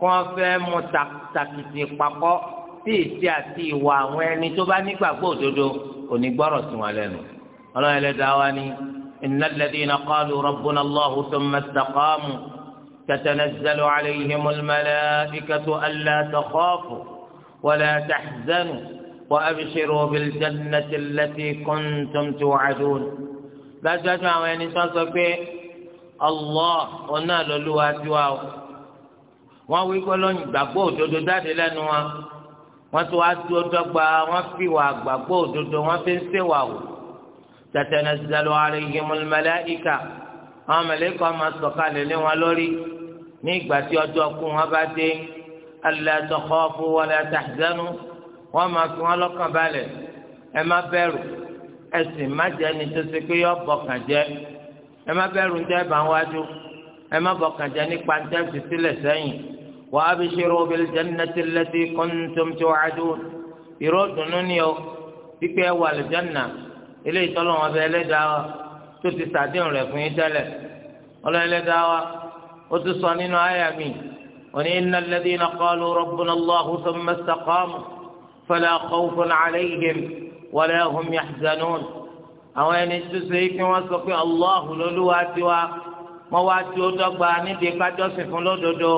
kọ́ fẹ́ mú takìtì papọ̀ tí ìṣe àti ìwà àwọn ẹni tó bá nígbàgbọ́ òdodo kò ní gbọ́rọ̀ sí wọn lẹ́nu. ọlọ́run ẹlẹ́dàá wa ni innal ladhina qalu rabbuna Allahu thumma istaqamu tatanazzalu alayhimul malaikatu alla takhafu wala tahzanu wa abshiru bil jannati allati kuntum tu'adun. dájúdájú àwọn wọ́n wí pé lọ́yìn ìgbàgbọ́ òdodo jáde lẹ́nu wa wọ́n tún wá dúró dọ́gba wọ́n fi wà gbàgbọ́ òdodo wọ́n fi ń ṣèwà wò tatanazzalu alayhimul malaika àwọn mẹlẹ́kọ̀ máa sọ̀kalẹ̀ lé wọn lórí ní ìgbà tí ọjọ́ kú wọn bá dé alla takhafu wala tahzanu wọ́n máa fi wọn lọ́kàn balẹ̀ ẹ má bẹ̀rù ẹ má jẹ́ ni tó pé yọ bọ̀kàn jẹ́ ẹ má bẹ̀rù ń jẹ́ bá wájú ẹ má bọ̀kàn jẹ́ nípa ń tẹ́sí sílẹ̀ sẹ́yìn. وأبشروا بالجنة التي كنتم توعدون يرد نونيو بكي أول الجنة إليه طلعوا بإليه tó ti sàdéhùn rẹ̀ fún yín tẹ́lẹ̀ ọlọ́ọ̀lẹ́dá wa ó ti sọ nínú àyà mi òní iná lẹ́dí iná kọ́lu rọ́bùnà allahu sọ́mọ́ sàkọ́mù fẹlẹ́ àkọ́wùfún àlẹ́yìn wọlé ọ̀hún yàtìzánún. àwọn ẹni tó ṣe é kí wọ́n sọ pé allahu lolúwa tiwa wọ́n wá tí ó dọ́gba níbi kájọ́sìn fún lódodo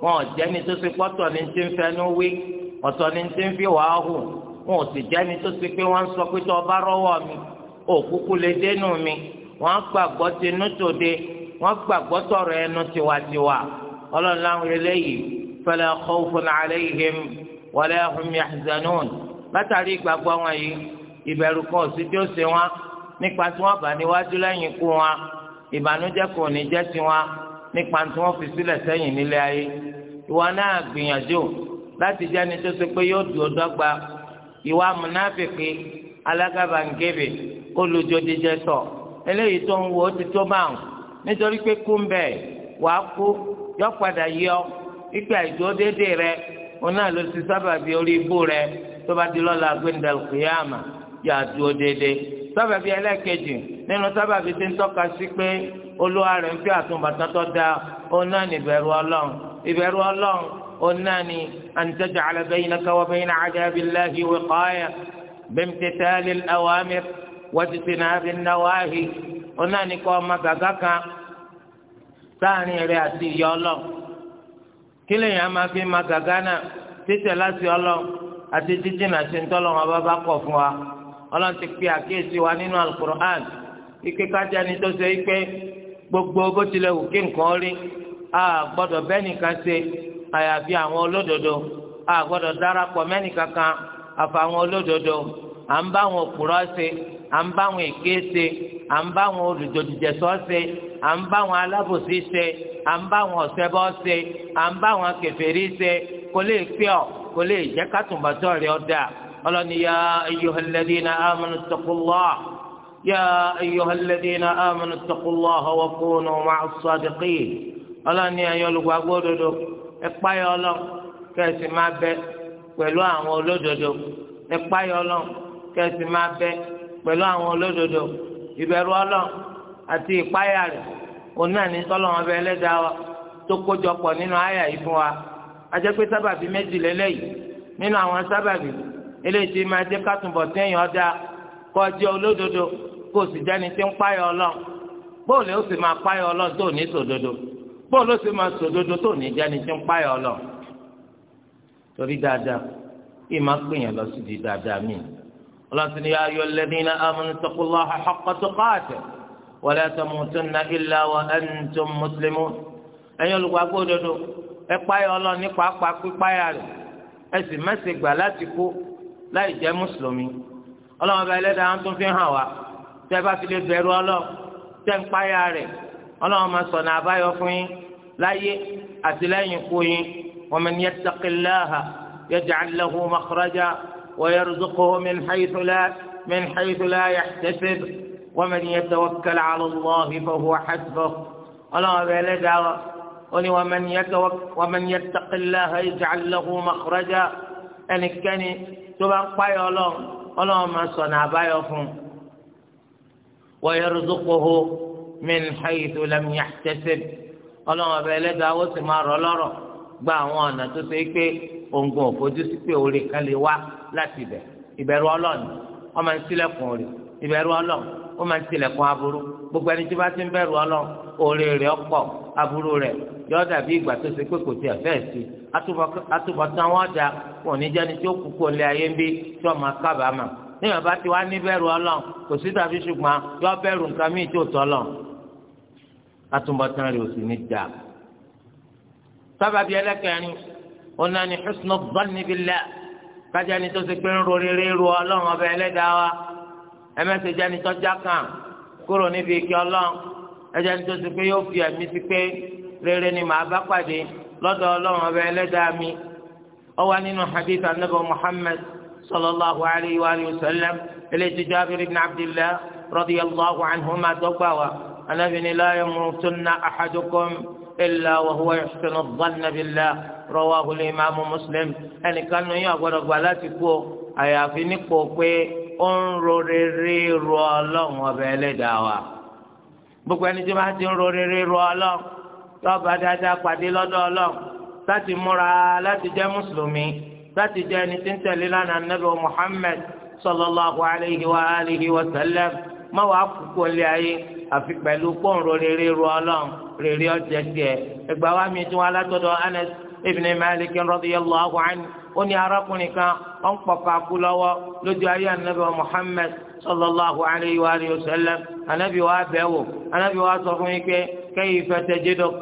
wọn ò jẹ́ni tó ṣe pọ́tọ̀ ní ti ń fẹnu wí ọ̀tọ̀ ní ti ń fi wàá hù wọn ò sì jẹ́ni tó ṣe pé wọ́n ń sọ pé tó ọba rọ́wọ́ mi òkúkú lè dénú mi wọ́n gbàgbọ́ tinú tòde wọ́n gbàgbọ́ tọ̀rọ̀ ẹnu tiwantiwa ọlọ́run láwọn eléyìí fala khawfun alayhim wala hum yahzanun látàrí ìgbàgbọ́ wọn yìí ìbẹ̀rù kan ò sí tí ó ṣe wọn nípa tí wọ́n bá níwájú lẹ́yìn ikú wọn ìbànújẹ́ kò ní jẹ́ tiwọn nípa tí wọ́n fi sílẹ̀ sẹ́yìn nílé ayé ìwọ náà gbìyànjú láti jẹ́ ẹni tó ṣe pé yóò dúró dọ́gba ìwà múnáfìkì alágàbàǹgẹ̀bẹ̀ olùjọ́díjẹ sọ eléyìí tó ń wo ó ti tó báwọn nítorí pé kú ń bẹ̀ wàá kú yọ padà yọ ipe àìdúró déédéé rẹ òun náà ló ti sábàbí orí ibú rẹ tó bá di lọ́la gbẹ̀ndàlù yà á dúró déédéé sábàbí ẹlẹ́kejì nínú sábàbí ti ń tọ́ka sí pé olúwa rẹ̀ ń fi àtúbọ̀tán tó dáa òun náà ní ìbẹ̀rù ọlọ́run ìbẹ̀rù ọlọ́run òun náà ní an taj'ala baynaka wa bayna 'adabillahi wiqaya bimtithali al-awamir wa ijtinabi an-nawahi òun náà ní kọ́ ọmọ gàgá kan sáàrin rẹ̀ àti ìyà ọlọ́run kí náà ṣe ń tọ́lọ́ wọn bá bá fún wa ọlọ́run ti pe àkíyèsí wa nínú al ike kájà ni tó ṣe ike gbogbo bó tilẹ̀ wù kí nǹkan rí a gbọ́dọ̀ bẹ́ẹ̀ nìkan ṣe àyàfi àwọn olódodo a gbọ́dọ̀ darapọ̀ mẹ́nìkan kan àfa àwọn olódodo à ń bá àwọn òkúrọ̀ ṣe à ń bá àwọn èké ṣe à ń bá àwọn olùdòdìjẹsọ ṣe à ń bá àwọn alábòsí ṣe à ń bá àwọn ọ̀sẹ́bọ ṣe à ń bá àwọn kèfèrí ṣe kò lè pẹ́ ọ kò lè jẹ́ kátùnbọ̀tọ̀ rẹ̀ ọ̀dà ọlọ́niyà ayyuhalladhina يا أيها الذين آمنوا اتقوا الله وكونوا مع الصادقين ألا أن يلقوا أقولوا إقبايا الله كاسي ما بي pẹ̀lú àwọn olódodo nípa yọ lọ kẹsì máa bẹ pẹ̀lú àwọn olódodo ìbẹ̀rù ọlọ́run àti ìpáyà rẹ̀ òun náà ní sọ́lọ́wọ́n bẹ ẹlẹ́dàá wa tó kójọ pọ̀ nínú àyà yìí fún wa ajẹ́ pé sábàbí méjìlélẹ́yìí nínú àwọn sábàbí eléyìí tí máa jẹ́ kátùnbọ̀ tí èèyàn dá kọjá olódodo kó o sì jẹ́ni tí ń páyọ ma bóòlù ó sì máa tó ní sòdodo bóòlù ó sì máa sòdodo tó ní jẹ́ni tí ń páyọ ọlọ́run torí dáadáa kí máa lọ sí di dáadáa míì ọlọ́sìn ni ayọ̀ alladhina amanu ittaqullaha haqqa tuqatihi wa wa ẹ̀yin tẹ́ bá fi lè bẹ̀rù ọlọ́run tẹ́ ń páyà rẹ̀ ọlọ́run máa sọ̀nà àbáyọ fún yín láyé àti lẹ́yìn kú yín wa man yattaqillaha yaj'al lahu makhraja wa yarzuqhu min haythu la min haythu la yahtasib wa man yatawakkal 'ala Allahi fa huwa hasbuh ọlọ́run bẹ̀rẹ̀ lẹ́dàá wa ó ní wa man yattaqillaha yaj'al lahu makhraja ẹnikẹ́ni tó bá ń páyà ọlọ́run ọlọ́run máa sọ̀nà àbáyọ fún un. ويرزقه من حيث لم يحتسب ọlọ́run ọba ẹlẹ́dàá ó sì máa rọ̀ lọ́rọ̀ gba àwọn ọ̀nà tó ṣe pé òǹgùn òfojú sí pé òòrè kan lè wá láti ibẹ̀ ìbẹ̀rù ọlọ́run ó máa ń ṣílẹ̀kùn òòrè ìbẹ̀rù ọlọ́run ó máa ń ṣílẹ̀kùn aburú gbogbo ẹni tí bá ti ń bẹ̀rù rẹ̀ ọ̀pọ̀ aburú rẹ̀ yọ dàbí ìgbà tó ṣe pé kò tiẹ̀ sí ní bàbá tí wàá ní bẹ̀rù ọlọ́run kò sí tàbí ṣùgbọ́n yọ bẹ̀rù nǹkan míì tí ò tọ́ lọ. atúbọ̀tán rẹ̀ ò sì ní dà. sábàbí ẹlẹ́kẹ̀rin òun náà ni husnu dhanni billah kájà ni tó ti pé ń ro rere ro ọlọ́run ọba ẹlẹ́dàá wa ẹmẹ́sẹ̀ jẹ́ ni tó já kàn kúrò níbi ike ọlọ́run ẹjẹ́ tó ti pé yóò fi ẹ̀mí sí pé rere ni màá bá pàdé lọ́dọ̀ ọlọ́run ọba ẹlẹ́dàá mi. ó nínú hadith sallallahu alayhi wa sallam eléyìí Jabir ibn Abdillah radiyallahu anhuma dọ́gba wa anabini la yamutunna ahadukum illa wa huwa yuhsinu dhanna billah rawahu al-imaamu Muslim ẹnìkan nù yín àgbọ̀dọ̀ gbà láti kú àyàfi nípò pé ó ń ro rere ro ọlọ́run ọbẹ̀ ẹlẹ́dàá wa gbogbo ẹni tí wọ́n ti ń ro rere ro ọlọ́run tọ́ba dáadáa pàdé lọ́dọ̀ ọlọ́run láti múra láti jẹ́ mùsùlùmí láti jẹ́ ẹni tí ń tẹ̀lé lánàá nàbẹ̀ Muhammad sallallahu alayhi wa alihi wa sallam má wàá kúkú lé ayé àfi pẹ̀lú pọ́ǹrọ̀ rere ru ọlọ́run rere ọ̀jẹ̀ tiẹ̀ ẹgbàá wa mi tún alátọ́dọ̀ Anas ibn Malik radiyallahu anhu ó ní arákùnrin kan ó ń pọ̀kọ́ akú lọ́wọ́ lójú ayé anabi Muhammad sallallahu alayhi wa alihi wa sallam anabi wa bẹ̀ anabi wa sọ fún yín pé kayfa tajiduk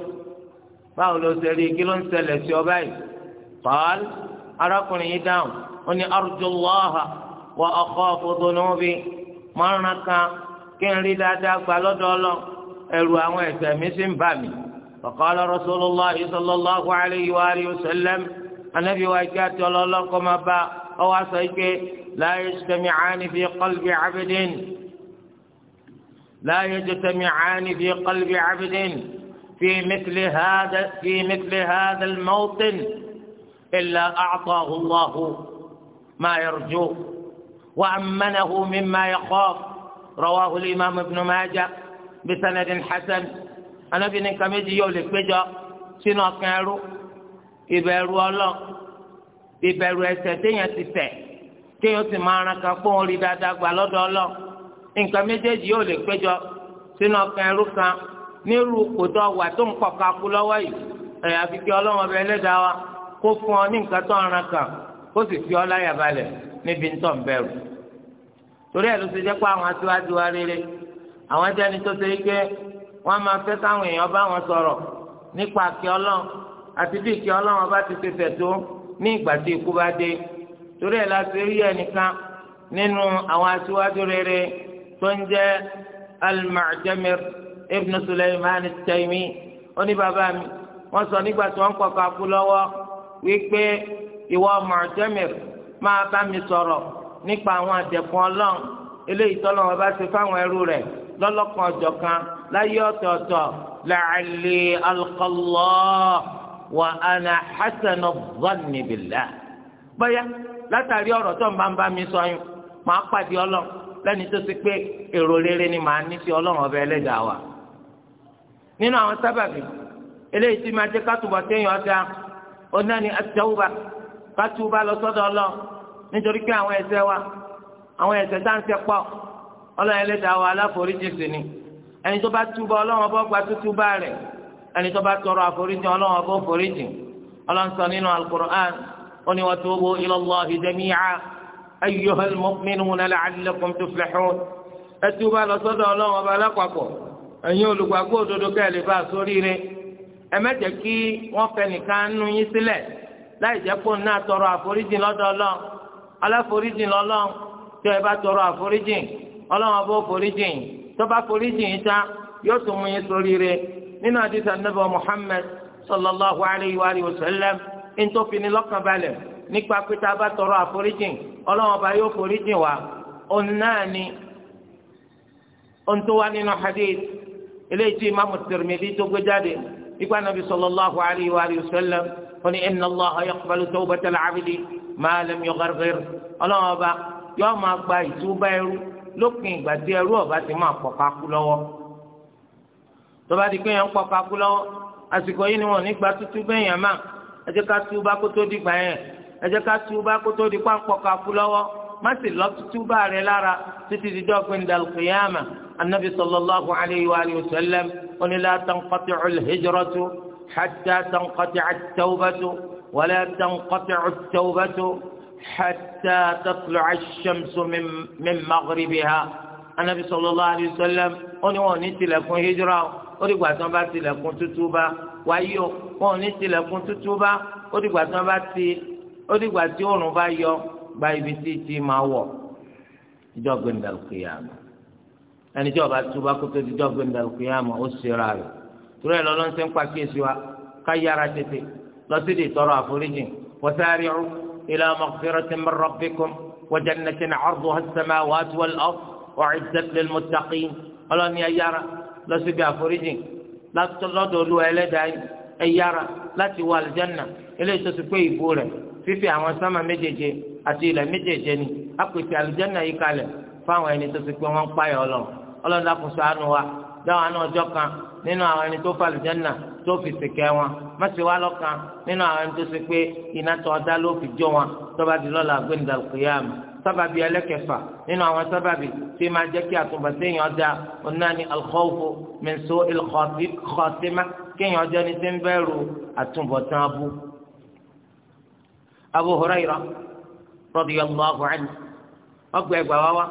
báwo ló ṣe rí kí ló ń ṣẹlẹ̀ sí ọ báyìí arákùnrin yìí dáhùn ó ní arjullaha wa akhafu bí márùn kan kí n rí dáadáa gbà lọ́dọ̀ ọlọ́ ẹ̀rù àwọn ẹ̀ṣẹ̀ mi sì ń bà mí. فقال رسول الله صلى الله عليه وآله وسلم النبي وأجات الله كما با أو لا يجتمعان في قلب عبد لا يجتمعان في قلب عبد في مثل هذا في مثل هذا الموطن إلا أعطاه الله ما يرجوه وأمنه مما يخاف رواه الإمام ابن ماجه بسند حسن أنا بن كمجي يولك بجا سنو كارو ìbẹ̀rù ọlọ́ ìbẹ̀rù ẹ̀ṣẹ̀ téèyàn ti ṣẹ̀ kéèyàn sì máa ran kan fún orí dáadáa gbà lọ́dọ̀ ọlọ́ nǹkan méjèèjì yóò lè péjọ sínú ọkàn ẹrú kan nírú kòtò ọwà tó ń pọ̀ kakú lọ́wọ́ yìí ẹ̀yà fi kí ọlọ́wọ́n bẹ ẹlẹ́dàá wa kó fún ọ ní nǹkan tó ara kan kó sì fi ọ láyà balẹ̀ níbi ń tàn bẹ̀rù torí ẹ̀ ló ṣe jẹ́ pé àwọn aṣíwájú wa rere àwọn jẹ́ni tó ṣe pé wọ́n máa fẹ́ káwọn èèyàn bá wọn sọ̀rọ̀ nípa àkè ọlọ́run àti bí ìkè ọlọ́run ọba ti ṣe fẹ̀ tó ní ìgbà tí ikú bá dé torí ẹ̀ la ṣe rí ẹnìkan nínú àwọn aṣíwájú rere tó ń jẹ́ al-Mu'tamir ibn Sulaiman at-Taymi ó ní bàbá mi wọ́n sọ nígbà tí wọ́n ń kọ́ lọ́wọ́ wípé ìwọ Mu'tamir máa bá mi sọ̀rọ̀ nípa àwọn àjẹkùn Ọlọ́run eléyìí tọ́lọ́ wọn bá ṣe fáwọn ẹrú rẹ̀ lọ́lọ́kan ọ̀jọ̀kan láyé ọ̀tọ̀ọ̀tọ̀ la'alli alqa Allah wa ana hasanu dhanni billah. látàrí ọ̀rọ̀ tó ń bá ń bá mi sọ yín pàdé Ọlọ́run lẹ́ni tó ti pé èrò rere ni màá ní sí Ọlọ́run ọba ẹlẹ́dàá wa. nínú àwọn sábàbí eléyìí tí máa jẹ́ kátùbọ̀ téèyàn ọ̀dà oná ni atẹ́wọ́bà ká túbà lọ sọ́dọ̀ ọlọ́ nítorí pé àwọn ẹ̀ṣẹ̀ wa àwọn ẹ̀ṣẹ̀ tá à ń ṣẹ̀ pọ̀ ọlọ́run ẹlẹ́dàá wa aláforíjì sí ni ẹni tó bá túbà ọlọ́run ọbọ̀ gba tútúbà rẹ̀ ẹni tó bá tọrọ àforíjì ọlọ́run ọbọ̀ foríjì ọlọ́run sọ nínú alukur'an ó ní wa tubu ila Allahi jami'a ayyuhal mu'minuna la'allakum tuflihun ẹ túbà lọ sọ́dọ̀ ọlọ́run ọba alápapọ̀ ẹ̀yin olùgbàgbọ́ òdodo kẹ́lẹ́ bá sóríire ẹ má jẹ́ kí wọ́n fẹ́ nìkan nú yín sílẹ̀ láì jẹ́ pé òun náà tọrọ àforíjìn lọ́dọ̀ Ọlọ́run aláforíjìn lọ́lọ́run tí ẹ bá tọrọ àforíjìn Ọlọ́run ọba òforíjìn tó bá foríjìn yín tán yóò tún mú yín ṣoríire nínú àdìsá nàbẹ Muhammad sallallahu alayhi wa alihi wa sallam ntòfin ni lọ́kàn balẹ̀ nípa pé tá a bá tọrọ àforíjìn Ọlọ́run ọba yóò foríjìn wa òun náà ni ohun tó wá nínú hadith eléyìí tí imaamu Tirmidhi tó gbé jáde ikú anabi sallallahu alayhi wa sallam ó ní inna allaha yaqbalu tawbatal abdi ma lam yugharghir ọlọ́wọ́n ọba yóò máa gba ìtúbà ẹrú lópin ìgbà tí ẹrú ọba ti máa pọ̀ kakú lọ́wọ́ tó bá di pé yẹn ń pọ̀ kakú lọ́wọ́ àsìkò yìí ni wọn ò ní gba tútú ẹ jẹ́ ká túbà kótó dìgbà yẹn ẹ jẹ́ ká túbà kótó dìpá pọ̀ kakú lọ́wọ́ má sì lọ túbà rẹ lára títí di dọ́gbìn dàlùkìyàmà anabi sallallahu alayhi wa sallam onílà tanqati alhijratu hatta tanqati at-tawbatu wala tanqati at-tawbatu hatta tatlu'a ash-shamsu min maghribiha anabi sallallahu alayhi wa sallam oníwọ̀n ní tilẹ̀kùn hijra ó dìgbà tí wọ́n bá tilẹ̀kùn tútúbà wáyé o wọn ò ní tilẹ̀kùn ti ó dìgbà tí oòrùn bá gba ibi tí tí máa wọ̀ ìjọ gbẹndàlù kìyàmù ẹni tí ọba tó bá kó tó ìjọ gbẹndàlù kìyàmù ó ṣera rẹ̀ torí ẹ lọ́lọ́ ń sẹ́ ń pa kíyèsí wa ká yára tètè lọ sí di tọrọ àforíjì wasari'u ila maghfiratin min rabbikum wa jannatin 'arduha as-samawati wal ardu u'iddat lil muttaqin ọlọ́ni ẹ yára lọ sí di àforíjì lọ́dọ̀ olú ẹlẹ́dàá láti wọ àlùjánnà eléyìí tó pé ìbò rẹ̀ fífi àwọn sánmà méjèèje àti ilẹ̀ méjèèje ni a pèsè àlùjánnà yìí kalẹ̀ fáwọn ẹni tó ti pé wọ́n ń páyọ̀ ọlọ́run ọlọ́run dákun ṣàánú wa dáwọn àánú ọjọ́ kan nínú àwọn ẹni tó fa àlùjánnà tó fi sèkẹ́ wọn má ti wá lọ́kàn nínú àwọn ẹni tó ti pé iná tó ọdá ló fi jó wọn tó bá di lọ́la gbẹ̀ndàlùkìyàmù sábàbí ẹlẹ́kẹfà nínú àwọn sábàbí tí máa jẹ́ kí àtúbọ̀tẹ́yìn ọjà onáni alkhawfu min su'il khatima kéèyàn ọjọ́ ní ti ń bẹ̀rù àtúbọ̀tán abú abu huraira radiyallahu anhu ọgbà ẹgbà wá wá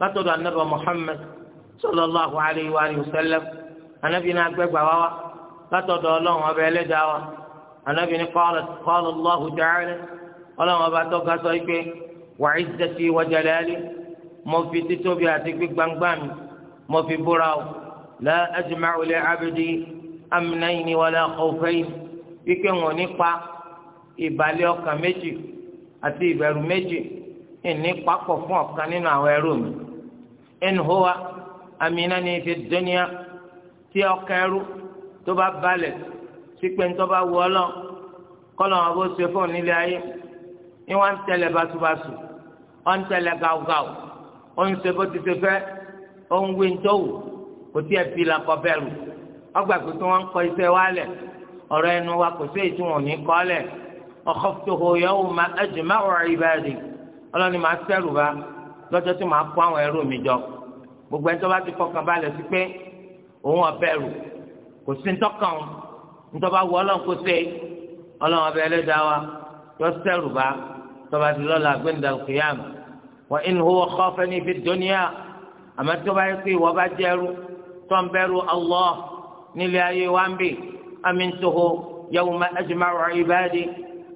látọ̀dọ̀ anabi muhammad sallallahu alayhi wa sallam anabi náà gbẹgbà wá wá látọ̀dọ̀ ọlọ́run ọba ẹlẹ́dàá wa anabi ní qala qala allahu ta'ala ọlọ́run ọba tó ga sọ pé wa izzati wa jalali mo fi títóbi àti gbígbàngbà mi mo fi la ajma'u li abdi amnayni wala khawfayni wípé wọn ò ìbàlẹ̀ ọkàn méjì àti ìbẹ̀rù méjì ìní papọ̀ fún ọ̀kan nínú àwọn ẹrú mi in huwa aminani fi dunya tí ọkàn ẹrú tó bá balẹ̀ sí pé ń tó bá wù Ọlọ́run kọ́lọ̀ wọn bó ṣe fún nílé ayé ni wọ́n ń tẹ̀lé basubasu wọ́n ń tẹ̀lé gàwgàw ó ń ṣe bó ti ṣe fẹ́ ó ń wí tó wù kò tí ẹ fi làkọ bẹ̀rù ọgbà pé kí wọ́n kọ wa kò sí èyí tí wọ́n akhaftuhu yawma ajma'u ibadi ọlọ́ni máa sẹ́rù bá lọ́jọ́ tí máa kó àwọn ẹrú mi jọ gbogbo ẹni tó bá ti fọkàn balẹ̀ sí pé òun ọ̀bẹ̀rù kò sí ntọ́kàn ntọ́ba wọ ọlọ́run kó ṣe ọlọ́run ọbẹ̀ ẹlẹ́dàá wa yọ sẹ́rù bá tọ́ba ti lọ́la gbẹ̀ndà kìyàm wa in huwa khafani fi dunya àmọ́ tó bá yẹ pé ìwọ bá jẹ́rú tó ń bẹ̀rù Allah nílé ayé wa ń bì amintuhu yawma ajma'u ibadi.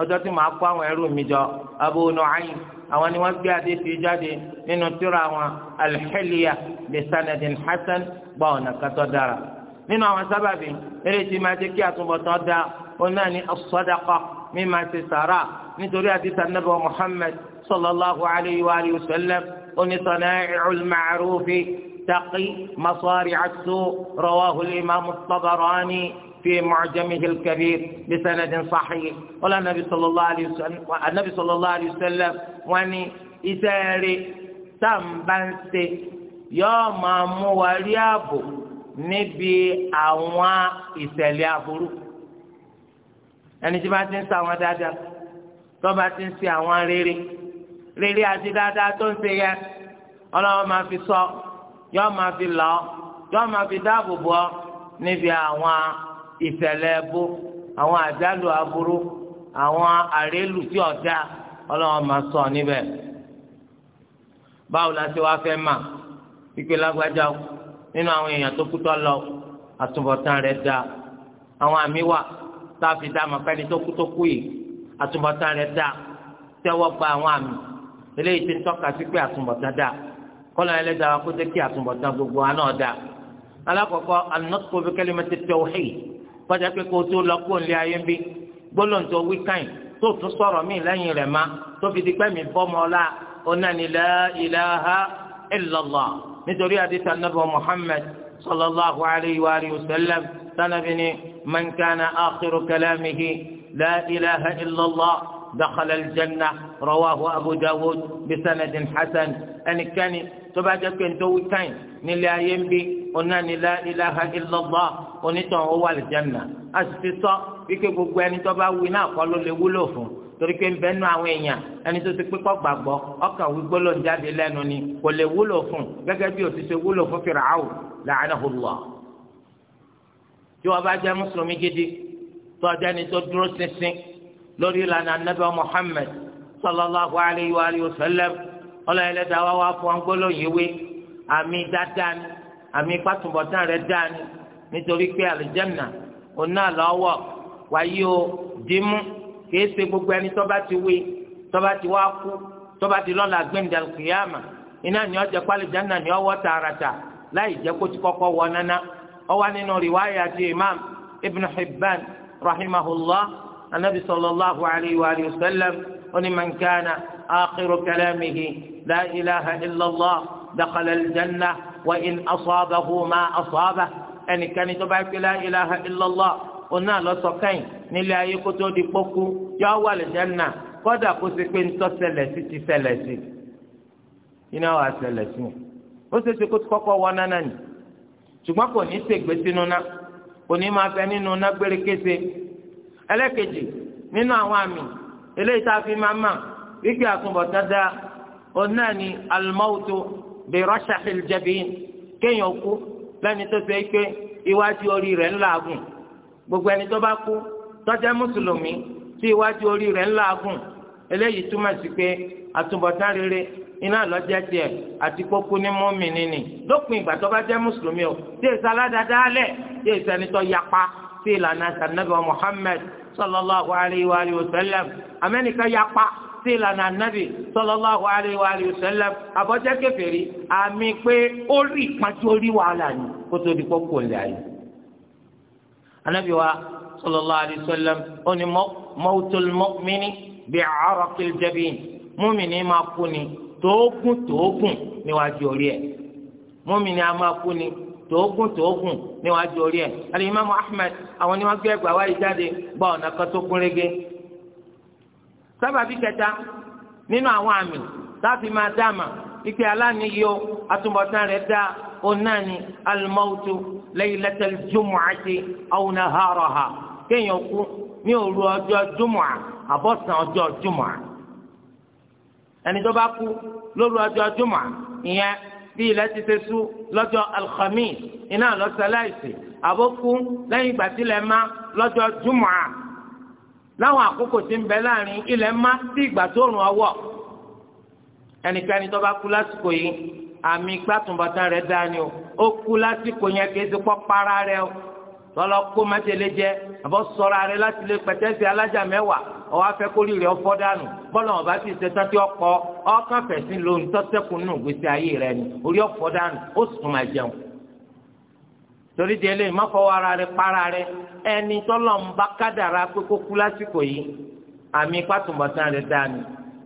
ọjọ́ tí màá kó àwọn ẹrú mi jọ Abu Nu'aym àwọn ni wọ́n gbé adé fi jáde nínú tírà wọn al-Hilya bi sanadin hasan gba ọ̀nà kátó dára nínú àwọn sábàbí eré tí máa jẹ́ kí àtúbọ̀tán da òun náà ni as-sadaqa mi máa ṣe sàrà nítorí àdìsá nàbọ̀ Muhammad sallallahu alayhi wa alihi wa sallam oní sanaa'il taqi masari'a as-su' rawahu al في معجمه الكبير بسند صحيح ولا النبي صلى الله عليه وسلم النبي صلى الله عليه وسلم واني إساري تنبنسي يوم مواليابو níbi àwọn ìṣẹ̀lẹ̀ aburú ẹni tí bá ti ń sa àwọn dáadáa tó bá ti ń ṣe àwọn rere rere àti dáadáa tó ń ṣe yẹ ọlọ́wọ́ máa fi sọ yọ́ máa fi là ọ́ yọ́ máa fi dáàbò bò ọ́ níbi àwọn ìṣẹ̀lẹ̀ ẹbú àwọn àjálù aburú àwọn àrélù tí ọ̀dà ọlọ́wọ́n máa sọ níbẹ̀. báwo la ṣe wá fẹ́ mà pípé lágbájá nínú àwọn èèyàn tó kú tó lọ àtúbọ̀tán rẹ̀ dáa àwọn àmì wà tá a fi dá àmọ́ pẹ́ni tó kú tó kú yìí àtúbọ̀tán rẹ̀ dáa tẹ́wọ́ gba àwọn àmì eléyìí ti ń tọ́ka sí pé àtúbọ̀tán dáa kọ́lọ́ ẹlẹ́dàá wa kó jẹ́ kí àtúbọ̀tán gbogbo wa náà dáa. alákọ̀ọ́kọ́ anọ́tò bí kalimati tawhid kọjá pé kó o tó lọ kó o lé ayé ń bí gbólóhùn tó wí káyìn tó tún sọ̀rọ̀ mí lẹ́yìn rẹ̀ má tó fi di pẹ́ mi bọ́ mọ́ ọ́lá onáni la ilaha nítorí adita nabọ muhammed sallallahu alayhi wa sallam sanabini man kana akhiru kalamihi la ilaha دخل الجنة رواه أبو داود بسند حسن أن كان تبعد كنت وكين نلا ينبي أن لا إله إلا الله ونتن هو الجنة أسفصا ike gbogbo ẹni tó bá wí náà kọ́ ló lè wúlò fún torí pé nbẹ nù àwọn èèyàn ẹni tó ti pípọ́ gbàgbọ́ ọkàn wí gbólóhùn jáde lẹ́nu ni kò lè wúlò fún gẹ́gẹ́ bí ó ti ṣe wúlò fún Fir'aun la'anahu Allah tí wọ́n bá jẹ́ mùsùlùmí gidi tó ọjọ́ ẹni tó dúró ṣinṣin lórí ìlànà anabi muhammed sallallahu alayhi wa alihi wa sallam ọlọ́yẹlẹ dá wa wá fún angbọ́lọ́ yìí wé àmì dáadáa ni àmì pàtùbọ̀tán rẹ̀ dáa ni nítorí pé àlùjánnà ọ̀nà lọ́wọ́ wáyé o dìímú kìí ṣe gbogbo ẹni tó bá ti wé tó bá ti wá kú tó bá ti lọ́la gbẹ̀ǹdà kìyàmà iná ni ọjà pálíjánnà ni ọwọ́ tààràtà láì jẹ́ kó ti kọ́kọ́ wọ nánà ọwọ́ nínú rìwáyà ti imam ibn hibban rahimahullah النبي صلى الله عليه وآله وسلم ولمن كان آخر كلامه لا إله إلا الله دخل الجنة وإن أصابه ما أصابه أن كان تبعك لا إله إلا الله قلنا لا سكين نلا يكتو دي بوكو يا الجنة قد أقسكين تسلسي تسلسي iná wa ṣẹlẹ̀ sí wọn ó ṣeéṣe kó kọ́kọ́ wọ nánà ni ṣùgbọ́n kò ní í ṣègbè ẹlẹ́kejì nínú àwọn àmì eléyìí tá a fi máa mà wípé àtúbọ̀tán dáa òun náà ni alimọ́wòtó bẹ̀rọ̀ṣàfẹ́ jẹ̀bìn kéèyàn kú lẹ́ni tó ṣe pé iwájú orí rẹ̀ ń làágùn gbogbo ẹni tó bá kú tó jẹ́ mùsùlùmí tí iwájú orí rẹ̀ ń làágùn eléyìí túmọ̀ sí pé àtúbọ̀tán rere iná lọ́jẹ́ tiẹ̀ àti kókó ní mọ́mìnì ni lópin ìgbà tó bá jẹ́ mùsùlùmí o tí èsì aládàáda alẹ̀ tí èsì ẹni tó yapa sí ìlànà sànẹ́bà Muhammad sallallahu alayhi wa alihi wa sallam amẹ́nìkan yapa sí ìlànà anabi sallallahu alayhi wa alihi wa sallam àbọ̀jẹ́ kèfèrí àmì pé ó rí ìpàtí orí wàhálà ni kó tó di kókó ńlẹ̀ ayé. anabi wa sallallahu alayhi wa sallam ó ní mawtul mu'mini bi'araqil jabin múmìnì máa kú ni tóógùn tóógùn níwájú orí ẹ̀ múmìnì á máa kú ni tòógùn tòógùn níwájú orí ẹ̀ alimami ahmed àwọn ni wọ́n gbé ẹgbàá wáyé jáde gba ọ̀nà kan tó kún régé. sábàbí kẹta nínú àwọn àmì láti ike rẹ̀ dá onáni kéèyàn kú ní òru ọjọ́ àbọ̀sán ọjọ́ ẹni tó bí ilẹ̀ ti ṣe sú lọ́jọ́ alhamis iná lọ́sàláìsì àbókú lẹ́yìn ìgbà tí ilẹ̀ má lọ́jọ́ jùmọ̀à láwọn àkókò tí ń bẹ láàrin ilẹ̀ má sí ìgbà tó rùn ọwọ́ ẹnikẹ́ni tó bá kú lásìkò yìí àmì gbàtúbọ̀tán rẹ̀ dání o ó kú lásìkò yẹn kì í ti pọ́ para rẹ̀ o lọ́lọ́ kó mẹ́tẹ̀lẹ́ jẹ àbọ̀ sọ̀rọ̀ rẹ̀ láti lè pẹ̀tẹ́sì alájà mẹ́wàá ọwọ́ afẹ́ kórìí rẹ̀ ọfọ́ dànù bọ́lá ọba ti ṣetán tí ọkọ ọkàn fẹ̀sìn lóhun tọ́sẹ̀kùn nù gbèsè ayé rẹ̀ ni orí ọfọ́ dànù ó sùn máa jẹun. torí di eléyìí má fọwọ́ ara rẹ̀ para rẹ̀ ẹni tọ́lọ̀ ń bá kádàrá pé kó kú lásìkò yìí àmì pátùmọ̀tán rẹ̀ dànù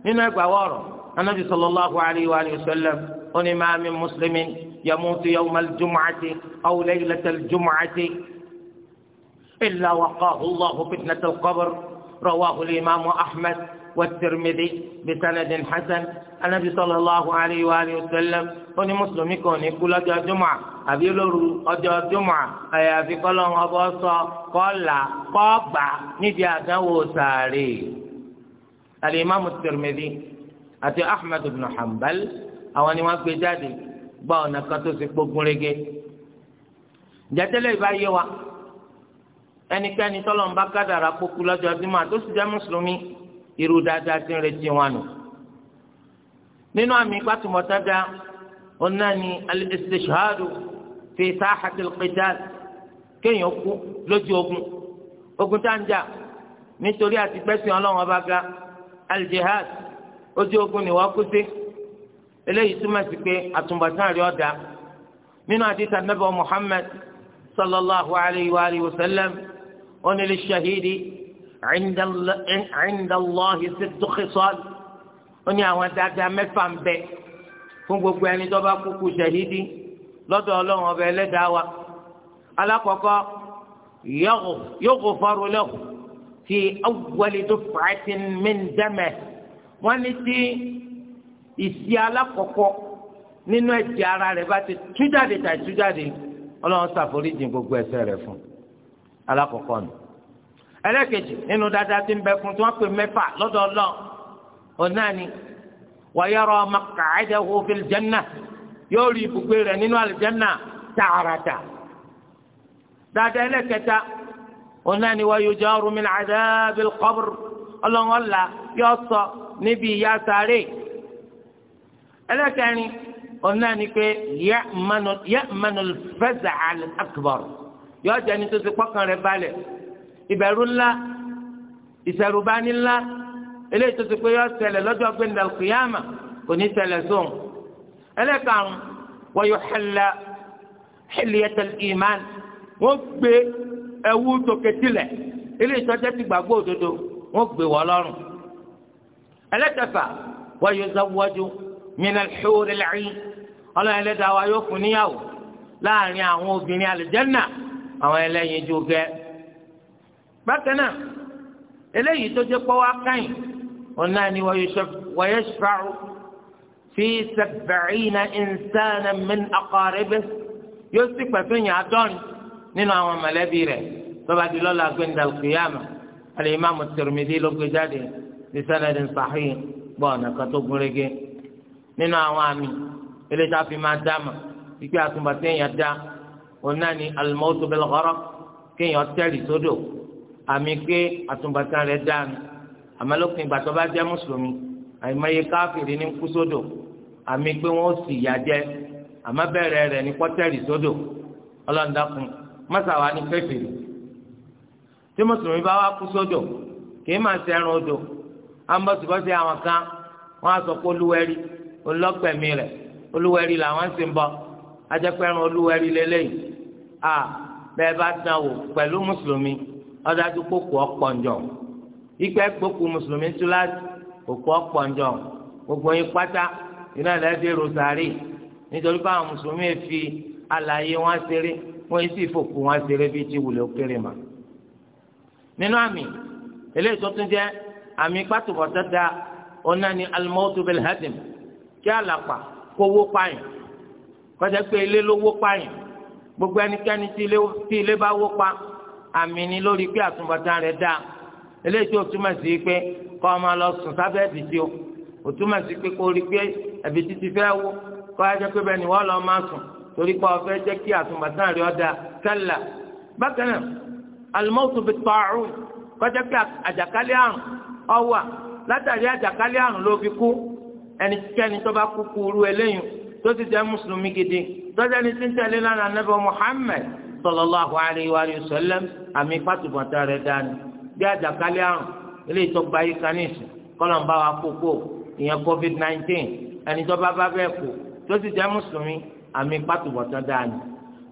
nínú ẹgbàá wọ̀rọ̀ anábì sallallahu alayhi wa sallam ó ní ma min muslimin yamutu yawmal jumu'ati aw laylatal jumu'ati illa waqahu Allahu fitnatal qabr رواه الإمام أحمد والترمذي بسند حسن النبي صلى الله عليه وآله وسلم وني مسلم يكون كل جمعة أبي لور أجا جمعة أي في قلهم أبوصا قال قبع نبي أدو ساري الإمام الترمذي أتي أحمد بن حنبل أو أني ما في جادي باونا كتوسي بوغوريجي جاتلي بايوا ẹnikẹ́ni tọ́lọ̀ ń bá kádàrà kpoku lọ́jọ́ Jímọ̀ tó sì jẹ́ mùsùlùmí irú dáadáa ti ń retí wọn nù. nínú àmì pátùmọ̀tàdá onáni al-istishhadu fi sahatil qital kéèyàn kú lójú ogun ogun tá nítorí àti gbẹ́sìn ọlọ́run ọba ga al ojú ogun ni wọ́n kú sí eléyìí túmọ̀ sí pé àtúbọ̀tán rí ọ̀dà nínú àdìsá nàbẹ̀ Muhammad sallallahu alayhi wa sallam wọ́n ní lè ṣahidi ẹ̀ńdàlọ́hì sí dùkìsọ́ọ̀lù wọ́n ní àwọn dáadáa mẹ́fà ń bẹ fún gbogbo ẹni tó bá kúkú ṣahidi lọ́dọ̀ ọlọ́run ọba ẹlẹ́dàá wa alákọ̀ọ́kọ́ yughfaru lahu fi awwali duf'atin min damihi wọ́n ní tí ìsì alákọ̀ọ́kọ́ nínú ẹ̀jẹ̀ ara rẹ̀ bá ti tú jáde tàì tú jáde ọlọ́run ṣàforíjì gbogbo ẹ̀ṣẹ̀ rẹ̀ fún un alákọ̀ọ́kọ́ nù ẹlẹ́kejì nínú dáadáa tí ń bẹ fún tí wọ́n pè mẹ́fà lọ́dọ̀ ọlọ́run onáni wàyẹ̀rọ maq'adahu fil janna yóò rí ibùgbé rẹ̀ nínú àlìjẹ́nà tààràtà dáadáa ẹlẹ́kẹta onáni wa yujaru min adhabil qabr ọlọ́run ọ̀la yóò sọ níbi ìyà sáré ẹlẹ́kẹrin onáni pé ya'manu ya'manu al-faza' al-akbar yóò jẹ́ ẹni tó ti pọ́kàn rẹ̀ balẹ̀ ìbẹ̀rù ńlá ìṣẹ̀rùbani ńlá eléyìí tó ti pé yóò ṣẹlẹ̀ lọ́jọ́ gbẹ̀ndà kìyàmà kò ní ṣẹlẹ̀ sóhun ẹlẹ́kàrún wọ́n yóò xẹlẹ̀ xẹlẹ̀yẹtẹ̀ ìmán wọ́n gbé ẹ̀wù tòkẹ́tìlẹ̀ eléyìí tó jẹ́ ti gbàgbọ́ òdodo wọ́n gbé wọ́n lọ́rùn ẹlẹ́kẹfà wọ́n yóò zawọ́jú minal xuuri lẹ́yìn ọlọ́run ẹlẹ́dàá wa yóò fún níyàwó láàrin àwọn obìnrin àlùjẹ́nà àwọn ẹlẹ́yinjú gẹ́ bákan náà eléyìí tó jẹ́ pọ́wọ́ akáyìn wọn náà ni wa yashfa'u fi sab'ina insanan min aqaribihi yóò sì pẹ̀fẹ́ yàn àádọ́rin nínú àwọn mọ̀lẹ́bí rẹ̀ lọ́ba di lọ́la gbẹ̀ndàl kìyàmà al-Imam Tirmidhi ló gbé jáde ní sanadin sahih gbọ́ ọ̀nà kan tó gúnrégé nínú àwọn àmì eléyìí tá fi máa dá mà onáni alimọ́tò bẹ́ẹ̀ lọ́rọ́ kéèyàn tẹ́rì sódò àmì pé àtúbàtà rẹ̀ dànù àmàlókùn ìgbà tó bá jẹ́ mùsùlùmí àìmọye káfíìrì ní kú sódò àmì pé wọ́n sì yà jẹ́ àmọ́ bẹ̀rẹ̀ rẹ̀ ní pọ́tẹ́rì sódò ọlọ́ndàkùn mọ́sàwá ní kèfèrí tí mùsùlùmí bá wá kú sódò kìí máa ṣe ẹran odò ambọ̀sibọ́sí àwọn kan wọ́n á sọ pé olúwẹ̀rí olọ́gbẹ̀mí rẹ̀ olúwẹ̀rí làwọn ń sìn ajẹpẹrun olúwẹrí lélẹyìn a bẹẹ bá dán wò pẹ̀lú mùsùlùmí ọdájú kókò ọpọnjọ ikpe gbókù mùsùlùmí túláàsì òkú ọpọnjọ gbogbo yín pátá iná lẹẹdẹ rosari nítorí báwọn mùsùlùmí fi àlàyé wọn ṣeré wọn sì fòkù wọn ṣeré bíi ti wùlé òkèrè mà nínú àmì eléyìí tó tún jẹ àmì pàtùbọ̀tẹ́ta ọ̀nà ni alimọ́tò bẹ̀lẹ́ hẹ́dìm kí àlàpà kówó pààyàn kọjá pé ilé ló wó pààyàn gbogbo ẹnikẹ́ni tí ilé bá wó pa àmì ni lórí pé àtúbọ̀tán rẹ̀ dáa eléyìí tí o túmọ̀ sí pé kọ́ ọ máa lọ sùn sábẹ́ ẹ̀bì tí o o túmọ̀ sí pé kó o rí pé ẹ̀bì títí fẹ́ wó kọ́ ẹ jẹ́ pé bẹ́ẹ̀ ni wọ́n lọ máa sùn torí pé ọ fẹ́ jẹ́ kí àtúbọ̀tán rẹ̀ ọ̀dà kẹ́là bákan náà alimọ́tò fi tọ́ àrùn kọjá pé àjàkálẹ̀ àrùn ọ̀wà látàrí àjàkálẹ̀ àrùn ló fi kú ẹnikẹ́ni tó bá kú kú irú eléyìí tó ti jẹ́ mùsùlùmí gidi tọ́jà ní síntẹ́lẹ́ lánàá Ànábì Muhammad sallallahu alayhi wa sallam àmì pàtùbọ̀tà rẹ̀ dání bí àjàkálẹ̀ àrùn eléyìí tó gba yìí kanísì kọ́lọ̀ ń bá wa kó kó ìyẹn covid nineteen ẹni tó bá bá bẹ́ẹ̀ kó tó ti jẹ́ mùsùlùmí àmì pàtùbọ̀tà dání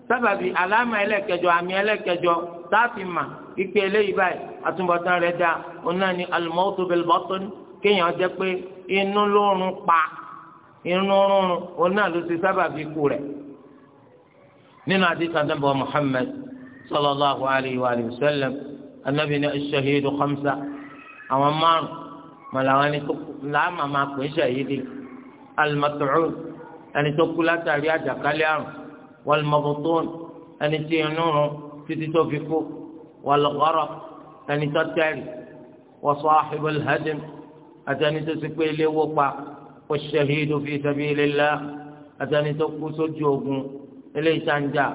sábàbí àlámà ẹlẹ́kẹjọ àmì ẹlẹ́kẹjọ táàfin mà ìpè eléyìí báyìí àtúbọ̀tán rẹ̀ dá òun náà ni al irun rúnrún òun náà ló ṣe sábà fi kú rẹ̀ nínú àdìsá nàbà Muhammad sallallahu alayhi wa sallam anabi ní aṣ-ṣahidu khamsa àwọn márùn màláwọn ni làámà máa pè é ṣàhídì al-mat'un ẹni tó kú látàrí àjàkálẹ̀ àrùn wal ẹni tí inú rún títí tó fi kú wal ẹni tó tẹ̀rì wa sahibul hadim àti ẹni tó ti pé ilé wó pa. والشهيد في سبيل الله أتاني تقو سجوكم إليس أنجا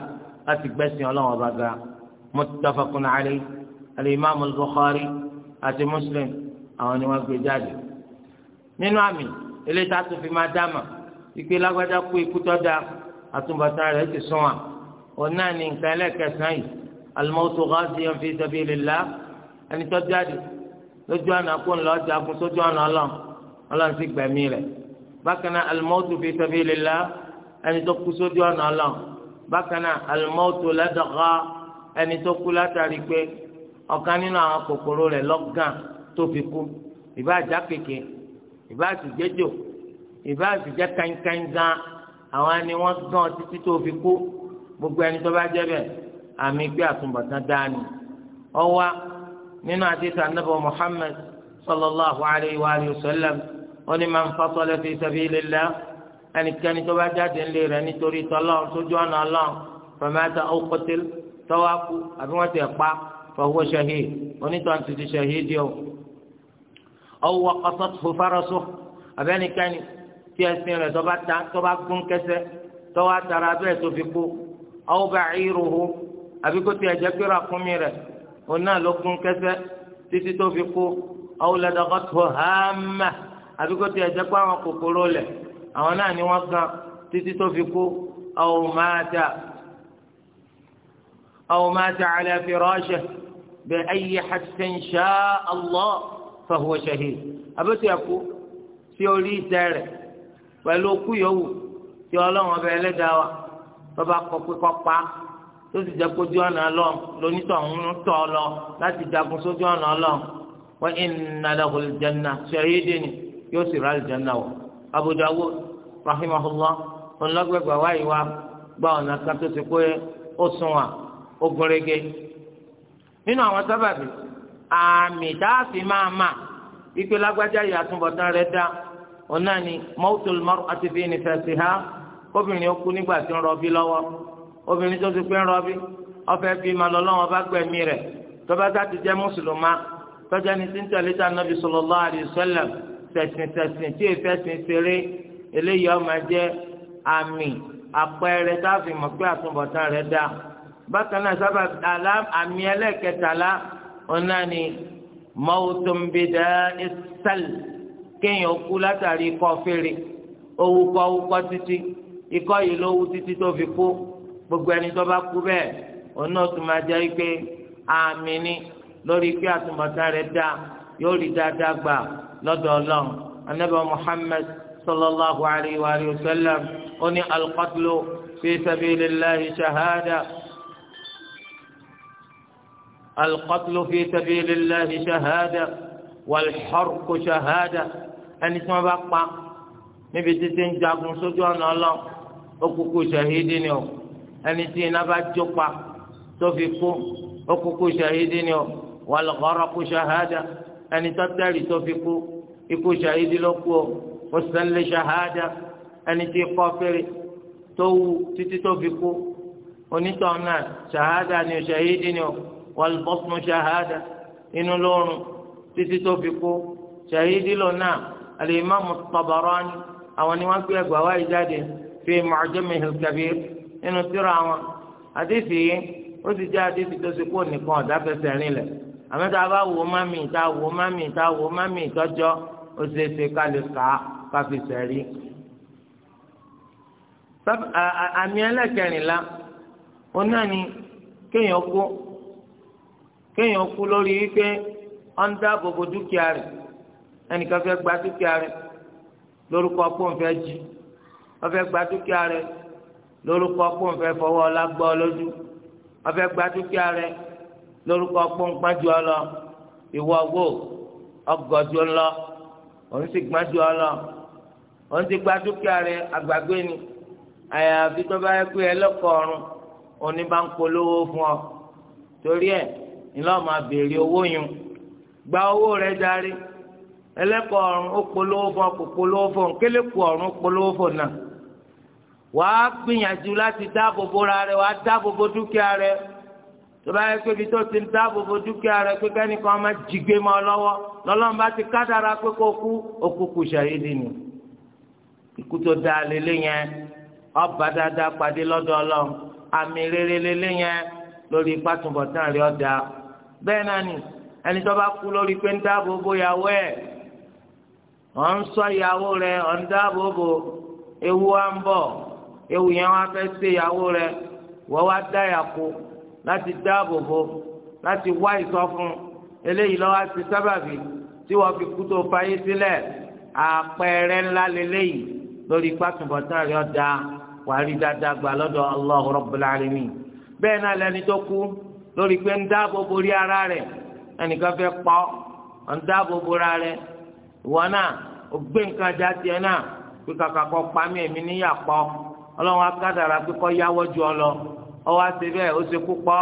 أتكبسني الله وبقى متفق عليه الإمام البخاري أتي مسلم أو أني وقف من عمي إليه أتو في ما دام يكي لغدا قوي كتودا أتنبتان رأيك سوا ونعني كان لك الموت غازيا في سبيل الله أني تجادي lójú أكون kó ń lọ الله sójú àná ọlọ́run bákan náà alimọ́tò fi sabilillah ẹni tó kú sójú ọ̀nà ọlọ́run bákan náà alimọ́tò lẹ́dọ̀kọ́ ẹni tó kú látàrí pé ọ̀kan nínú àwọn kòkòrò rẹ̀ lọ́gàn tó fi kú ìbá àjá kéke ìbá àtìjẹ́jò ìbá àtìjẹ́ kankan gan àwọn ẹni wọ́n gàn títí tó fi kú gbogbo ẹni tó bá jẹ́ bẹ́ẹ̀ àmì gbé àtúbọ̀tán dání ọwá nínú àdìsá nàbọ̀ Muhammad sallallahu alayhi wa sallam wọ́n ní máa ń fasọ́lẹ̀ fi sabilillah ẹnikẹ́ni tó bá jáde ńlẹ̀ rẹ̀ nítorí tọ́lọ́ sójú ọ̀nà ọlọ́run fọmẹ́tà ọkọ̀tẹ́l tọ́wákú àbí wọ́n ti pa fọwọ́ ṣahid onítàn ti di ṣahid yọ. ọwọ́ kọ́sọ́t fòfarasọ àbẹ́nikẹ́ni tí ẹṣin rẹ̀ tó bá gún kẹsẹ́ tọ́wọ́ àtàrà bẹ́ẹ̀ tó fi kú ọwọ́ bá ìrùhù àbí kó tiẹ̀ jẹ́ pé ràkúnmí rẹ̀ òun náà ló gún kẹsẹ́ títí tó fi kú ọwọ́ lẹ́dọ̀kọ́tò hàmà àbí kó tiẹ̀ jẹ́ pé àwọn kòkòrò lẹ̀ àwọn náà ni wọ́n gan títí tó fi kú aw mata aw mata ala firashihi bi ayyi hassin sha'a Allah fa huwa shahid àbí tiẹ̀ kú tí ó rí ìtẹ́ rẹ̀ pẹ̀lú okú yòówù tí ọlọ́run ọba ẹlẹ́dàá wa bàbá kọ pé tó sì jẹ́ kójú ọ̀nà ọlọ́run lonítọ̀hún tọ̀ lọ láti jagun sójú ọ̀nà ọlọ́run wa inna lahul janna shahidin yóò sì rà àlùjánnà wọ̀ Abu Dawud rahimahullah ọlọ́gbẹ̀gbà wáyé wa gba ọ̀nà kan tó ti pé ó sún wa ó gúnrégé nínú àwọn sábàbí àmì dáàfin máa mà wípé lágbájá yìí àtúbọ̀tán rẹ̀ dá ọ̀nà ni mautul mar'ati fi nifasiha kóbìnrin ó kú nígbà tí ń rọbí lọ́wọ́ obìnrin tó ti pé ń rọbí ọfẹ́ fi máa lọ lọ́wọ́ bá gbẹ̀mí rẹ̀ tọ́ba ti jẹ́ mùsùlùmá tọ́jà ní tí ń tẹ̀lé tá nàbì sallallahu alaihi tẹ̀sìntẹ̀sìn tí ìfẹsìn ṣeré eléyìí ọmọ jẹ́ àmì àpẹẹrẹ táàfin mọ̀ pé àtúbọ̀tán rẹ̀ dá bákan náà sábà àlá àmì ẹlẹ́ẹ̀kẹtàlá ọ̀nà ni mọ́wótóńbédà ẹ̀sẹ̀l kéèyàn kú látàrí ikọ́ fèrè owó kọ́ owó kọ́ títí ikọ́ yìí ló wú títí tó fi kú gbogbo ẹni tó bá kú bẹ́ẹ̀ ọ̀nà tó máa jẹ́ pé àmì ni lórí pé àtúbọ̀tán rẹ̀ dá yóò rí dáadáa gbà lọ́dọ̀ ọlọ́run anabi muhammed sallallahu alayhi wa sallam ó ní alqatlu fi sabilillahi shahada alqatlu fi sabilillahi shahada walḥarku shahada ẹni tí wọ́n bá pa níbi títí ń jagun sójú ọ̀nà ọlọ́run ó kúkú ṣahidi ni o ẹni tí iná bá jó pa tó fi kú ó kúkú ṣahidi ni o wal gharqu shahada ẹni tó tẹ́rì tó fi kú ikú ṣàyídí ló kú ọ ó sàn lè ṣàhádà ẹni tí kọ́ fèrè tó wú títí tó fi kú onítọ̀ náà ṣàhádà ni ò ṣàyídí ni ò wàlúbọ́sùn ṣàhádà inú lórun títí tó fi kú ṣàyídí lọ náà alimami Tabarani àwọn ni wọ́n gbé ẹgbàá wáyé jáde fi Mu'jamihi al-Kabir nínú tírà wọn àdéhìí ó sì jẹ́ àdéhìí tó ṣe kó nìkan ọ̀dà fẹsẹ̀ rìn lẹ̀ àmọ́ tá a bá wò mami tá a wò mami tá a wò mami tọ́jọ́ ó ṣe é ṣe ká lè kà á ká fi sẹ̀rí. àmì ẹlẹ́kẹrìnlá ó náà ni kéèyàn kú kéèyàn kú lórí wípé ó ń dáàbò bo dúkìá rẹ̀ ẹnìkan fẹ́ gba dúkìá rẹ̀ lórúkọ pọ́ǹfẹ́ jí wọ́n fẹ́ gba dúkìá rẹ̀ lórúkọ pọ́ǹfẹ́ fọwọ́ ọlá gbọ́ lójú wọ́n fẹ́ gba dúkìá rẹ̀ lórúkọ pọ́npájú ọlọ ìwọ wò ọgọ́jú ọlọ òun sì gbájú ọlọ òun ti gba dúkìá rẹ àgbàgbé ni àyàfi tó bá yẹ pé ẹlẹ́kọ̀ọ́ ọ̀run òní bá ń polówó fún ọ torí ẹ̀ ńlá ọmọ abèrè owó yun gba owó rẹ darí ẹlẹ́kọ̀ọ́ ọ̀run ó polówó fún ọ kò polówó fún ọ kélékù ọ̀run ó polówó fún ọ náà wàá gbìyànjú láti dáàbò bo ra rẹ wàá dáàbò bo dúkìá rẹ tó bá yẹ pé ibi tó ti ń dáàbò bo dúkìá rẹ pé kẹ́nìkan máa jìgbé mọ́ lọ́wọ́ lọ́lọ́run bá ti kádàrá pé kó kú òkú kù ni ikú tó da lélẹ́ yẹn ọba dáadáa pàdé lọ́dọ̀ ọlọ́run àmì rere lélẹ́ yẹn lórí pátúbọ̀tán rẹ ọ̀dà bẹ́ẹ̀ náà ni ẹni tó bá kú lórí pé ń dáàbò bo ìyàwó ẹ̀ ọ̀ ń sọ ìyàwó rẹ ọ̀ ń dáàbò bo ewu wa ń bọ̀ ewu yẹn wá fẹ́ ṣe ìyàwó rẹ wọ́n wá dá yà kú láti dáàbò bò láti wá ìsọfún eléyìí lọ́wọ́ àti sábàbí tí wọ́n fi kú tó fayé sílẹ̀ àpẹẹrẹ ńlá lélẹ́yìí lórí pàtùbọ̀tán rẹ̀ ọ̀dà wàrí dáadáa gbà lọ́dọ̀ Allahu Rabbul Alamin bẹ́ẹ̀ náà lẹni tó kú lórí pé ń dáàbò borí ara rẹ̀ ẹnìkan fẹ́ pọ́ ń dáàbò bora rẹ̀ ìwọ náà ó gbé nǹkan já tiẹ̀ náà pé kàkà kọ́ pàmì ẹ̀mí níyà pọ́ ọlọ́run akádàrà pé kọ́ yáwọ́ ju ọ lọ ọwọ́ àti bẹ́ẹ̀ ó ṣe kú pọ́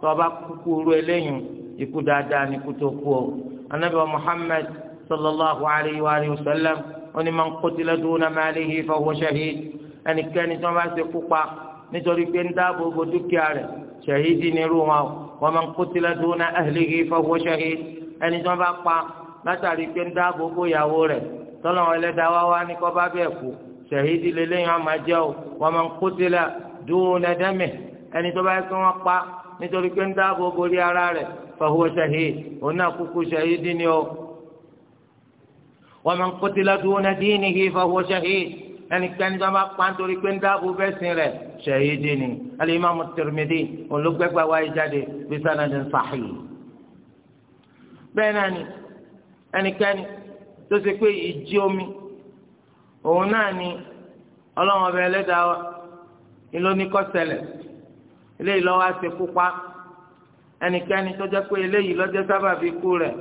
tó o bá kúkú ru eléyìí ikú dáadáa ni kú tó kú o anabi wa muhammed sallallahu alayhi wa alihi wa sallam oní man qutila duna malihi fa huwa shahid ẹnikẹ́ni tí wọ́n bá ṣe kú nítorí pé ń dáàbò bo dúkìá rẹ̀ shahidi ni irú wọn o wa man qutila duna ahlihi fa huwa ẹni tí wọ́n bá pa látàrí pé ń dáàbò bo ìyàwó rẹ̀ tọ́lọ́wọ́n ẹlẹ́dàá wá ní kọ́ bá bẹ́ẹ̀ kú shahidi lélẹ́yìn àmàjẹ́ o wa man qutila duna damihi ẹni tó bá yẹ kí wọ́n pa nítorí pé ń dáàbò borí ara rẹ̀ fahuwa shahid òun náà kúkú shahid ni o. wa man qutila duna dinihi fahuwa shahid ẹnikẹ́ni tó bá pa nítorí pé ń dáàbò bẹ́sìn rẹ̀ shahid ni al-imam at-Tirmidhi olùgbẹ́gbà wáyé jáde bi sanadin sahih. bẹ́ẹ̀ náà ni ẹnikẹ́ni tó ṣe pé ìjì omi òun náà ni ọlọ́wọ́n ọbẹ̀ ẹlẹ́dàá wa ìlóníkọ́sẹ̀lẹ̀ eléyìí lọ́wọ́ àṣekú pa ẹnikẹ́ni tó jẹ́ pé eléyìí ló jẹ́ sábàbí ikú rẹ̀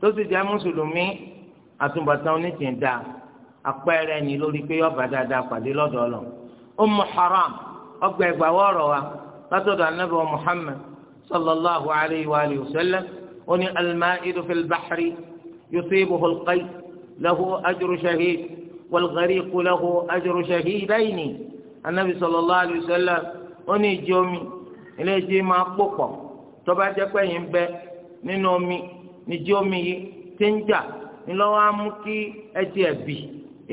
tó sì jẹ́ mùsùlùmí àtúbọ̀tán onítìǹ da àpẹẹrẹ ni lórí pé yọba dáadáa pàdé lọ́dọ̀ ọ̀lọ́ Ummu Haram ọgbà ẹgbà wọ́ọ̀rọ̀ wa látọ̀dọ̀ anábọ̀ Muhammad sallallahu alayhi wa alihi wa sallam oní al-ma'idu fil bahri yusibuhu al-qays lahu ajru shahid wal-ghariqu lahu ajru shahidaini anábì sallallahu alayhi wa sallam. ó ní omi eléyìí tí máa pò pọ̀ tó bá pé bẹ nínú omi níjì omi yìí ti ń jà ńlọ́wọ́ ebi kí ẹtì ẹ̀bì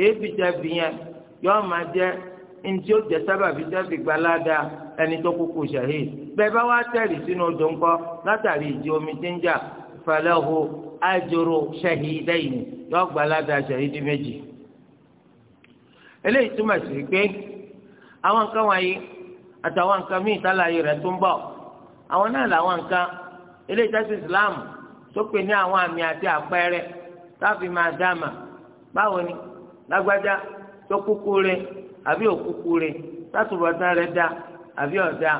èébì tẹ bì yẹn yọ́ọ́ máa jẹ́ ntí ó jẹ sábàbí tẹ́fì gbalada ẹni tó kúkú ṣahid bá wá sínú odò látàrí omi tí ń jà falahu ajru shahidaini yọ́ọ́ gbalada ṣahidi méjì eléyìí túmọ̀ sí pé àwọn nǹkan àtàwọn nǹkan míì tálàyé rẹ̀ tó ń bọ̀ àwọn náà làwọn nǹkan eléyìí tẹ́sí islam sópè ní àwọn àmì àti àpẹẹrẹ táàfin máa dáàmà báwo ni lágbájá tó kúkú rẹ̀ àbí òkúkú rẹ̀ sátúbọ̀tán rẹ̀ dá àbí ọ̀dá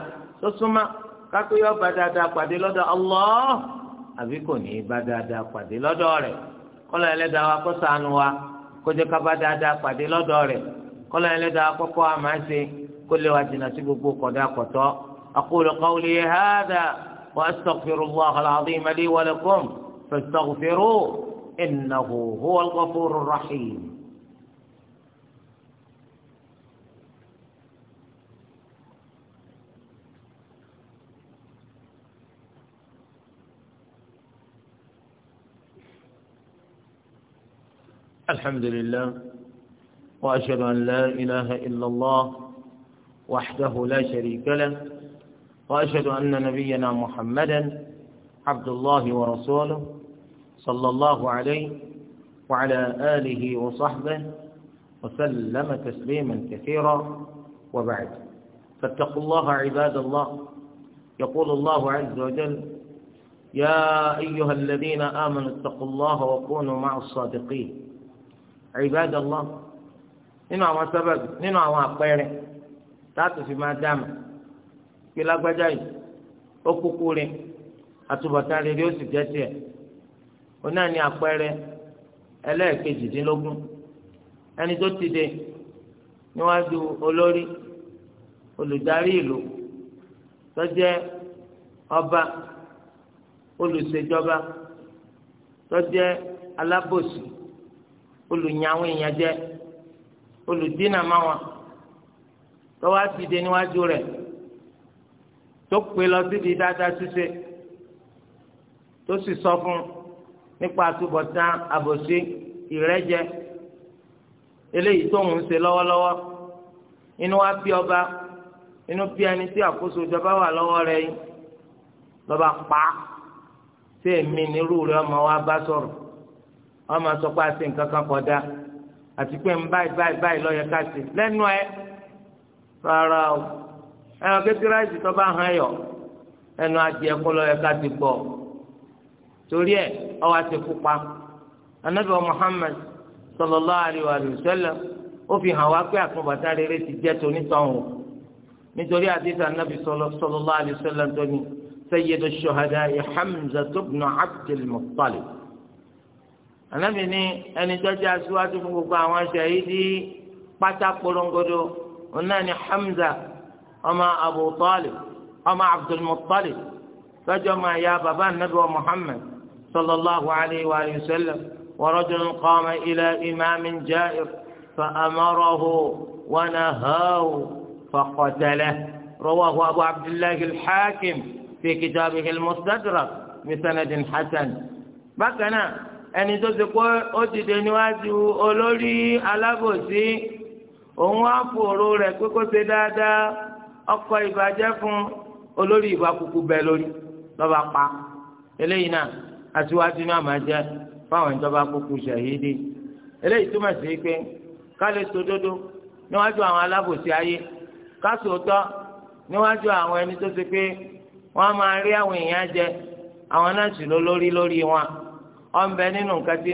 tó súnmọ́ kápẹ́ yọ bá dáadáa pàdé lọ́dọ̀ Allah àbí kò ní í bá dáadáa pàdé lọ́dọ̀ rẹ̀ kọ́lọ́ ẹlẹ́dàá wa kó ṣàánú wa kó jẹ́ ká bá dáadáa pàdé lọ́dọ̀ rẹ̀ kọ́lọ́ ẹlẹ́dàá kọ́kọ́ wa kó lè wá jìnnà sí gbogbo kọ̀dá kọ̀tọ́ aqulu qawli hadha wa astaghfirullaha al-azim li wa lakum fastaghfiruhu innahu huwal ghafurur rahim. الحمد لله واشهد ان لا اله الا الله وحده لا شريك له وأشهد أن نبينا محمدا عبد الله ورسوله صلى الله عليه وعلى آله وصحبه وسلم تسليما كثيرا وبعد فاتقوا الله عباد الله يقول الله عز وجل يا أيها الذين آمنوا اتقوا الله وكونوا مع الصادقين عباد الله nínú سبب sábàbí nínú àwọn táàtù fi máa dáàmà pé lágbájá yìí ó kúkú rin àtúbọ̀tán rere ó sì jẹ́ tiẹ̀ ó náà ní àpẹẹrẹ ẹlẹ́ẹ̀kejìdínlógún ẹni tó ti dé níwájú olórí olùdarí ìlú tó jẹ́ ọba olùṣèjọba tó jẹ́ alábòsí olùyàwó ìyànjẹ olùdínàmáwọn. lọ́wọ́ á ti dé níwájú rẹ̀ tó pè lọ síbi dáadáa ṣíṣe tó sì sọ fún nípa àtúbọ̀tán àbòsí ìrẹ́jẹ eléyìí tó ń ṣe lọ́wọ́lọ́wọ́ inú wa bí ọba inú bí ẹni tí àkóso ìjọba wà lọ́wọ́ rẹ̀ yìí lọ́ba pa á èmi nírú rẹ̀ ọmọ wa bá sọ̀rọ̀ ọmọ sọ pé a ṣe nǹkan kan kọ̀ da àti pé ń báyìí báyìí báyìí lọ́yẹ ká ṣe lẹ́nu ẹ̀ rárá o ẹnu kékeré àìsí tó bá hàn yọ ẹnu adìẹ kó lọ yẹ ká ti gbọ́ torí ẹ ọwọ àti pupa anabi muhammed sallallahu alaihi wa sallam ó fi hàn wá pé àtúbọ̀tán rere ti jẹ́ tonítọ̀hún nítorí àdìsá anabi sallallahu alaihi wa sallam tó ní sayyidu shuhada hamza abdul muttalib anabi ní ẹni tó jẹ́ aṣíwájú fún gbogbo àwọn ṣahidi pátá polongodo ọ̀nà ni Hamza ọmọ Abu Talib ọmọ Abdul Muttalib lọ́jọ́ máa ya bàbá anabi wa Muhammad sallallahu alayhi wa sallam ورجل قام إلى إمام جائر فأمره ونهاه فقتله رواه أبو عبد الله الحاكم في كتابه المستدرك بسند حسن بكنا ẹni tó ti kó ó ti dé níwájú olórí alábòsí òun á fòrò rẹ pé kó ṣe dáadáa ọkọ̀ ìbàjẹ́ fún olórí ìwà kúkú bẹ́ẹ̀ lórí lọ́ba pa eléyìí náà aṣíwájú náà máa fáwọn ìjọba kúkú ṣàhídì eléyìí túmọ̀ sí pé ká lè níwájú àwọn alábòsí ayé ká sòótọ́ níwájú àwọn ẹni tó ṣe pé wọ́n máa rí àwọn èèyàn jẹ àwọn náà sì ló lórí lórí wọn ọ̀nbẹ nínú nǹkan tí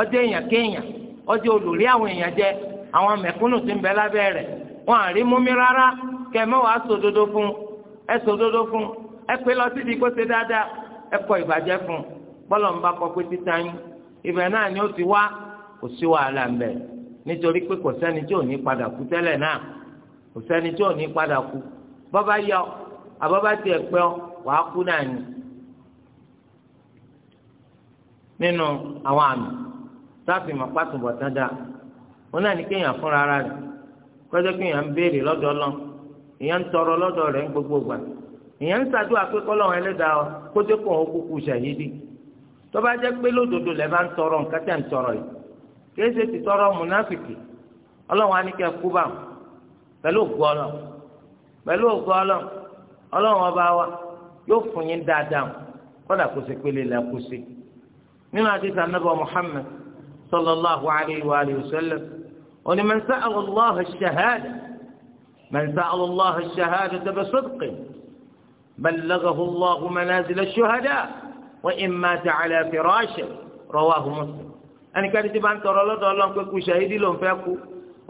ọjọ́ èèyàn kéèyàn ọjọ́ olùrí àwọn èèyàn jẹ àwọn mẹkúnnù ti ń bẹ lábẹ́ rẹ̀ wọn àrí múmi rárá kẹ mẹ́wàá sòdodo fún ẹ sòdodo fún ẹ pé lọ síbi kó ṣe dáadáa ẹ kọ ìbàjẹ́ fún bọ́lọ̀ ń bá kọ pé títa yín náà ni ó ti wá kò sí wàhálà ń bẹ nítorí pé kò tí ò ní sáàfì mọ̀ pàtùbọ̀ tán dáa wọn náà ní kéèyàn fúnra ara rẹ̀ kọjá kéèyàn ń béèrè lọ́dọ̀ lọ ìyẹn ń tọrọ lọ́dọ̀ ń gbogbo gbà ìyẹn ń ṣàdúrà pé kọ́lọ́run ẹlẹ́dàá ọ kójú kò kúkú jẹ́ pé lódodo lẹ́ bá ń tọrọ nǹkan tẹ̀ tọrọ yìí ti tọrọ kú bá wọn pẹ̀lú pẹ̀lú صلى الله عليه وآله وسلم ولمن سأل الله الشهادة من سأل الله الشهادة بصدق بلغه الله منازل الشهداء وإن مات على فراشه رواه مسلم ẹnì kan tí bá ń tọrọ lọ́dọ̀ ọlọ́run pé kú ṣahidi ló ń fẹ́ kú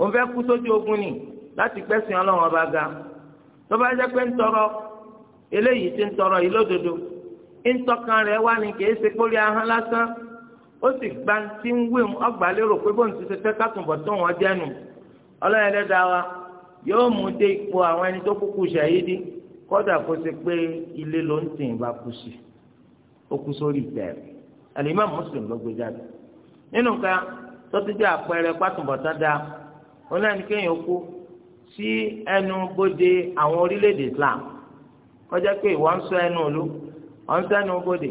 òun fẹ́ kú sójú ogun ni láti gbẹ̀sìn ọlọ́run ọba ga tó bá jẹ́ pé ń tọrọ eléyìí ti ń tọrọ yìí lódodo ń tọkàn rẹ̀ wá ní kì í ṣe kórí ahọ́n lásán ó sì gba tí ń wé ọgbà lérò pé bóun ti ṣe fẹ́ kásùnbọ̀ tó wọn jẹ́nu ọlọ́run ẹlẹ́dàá wa yóò mú dé ipò àwọn ẹni tó kúkú ṣàyídí kọ́dà kó ṣe pé ilé ló ń tìǹ bá kú sí ó kú sórí ìtẹ̀rẹ̀ Al-Imam Muslim ló gbé jáde nínú nǹkan tó ti jẹ́ àpẹẹrẹ pátùbọ̀tán dá onáni kéèyàn kú sí ẹnu bodè àwọn orílẹ̀-èdè Islam kọjá pé ìwọ ń sọ ẹnu òlu ọ̀ ń sọ ẹnu bodè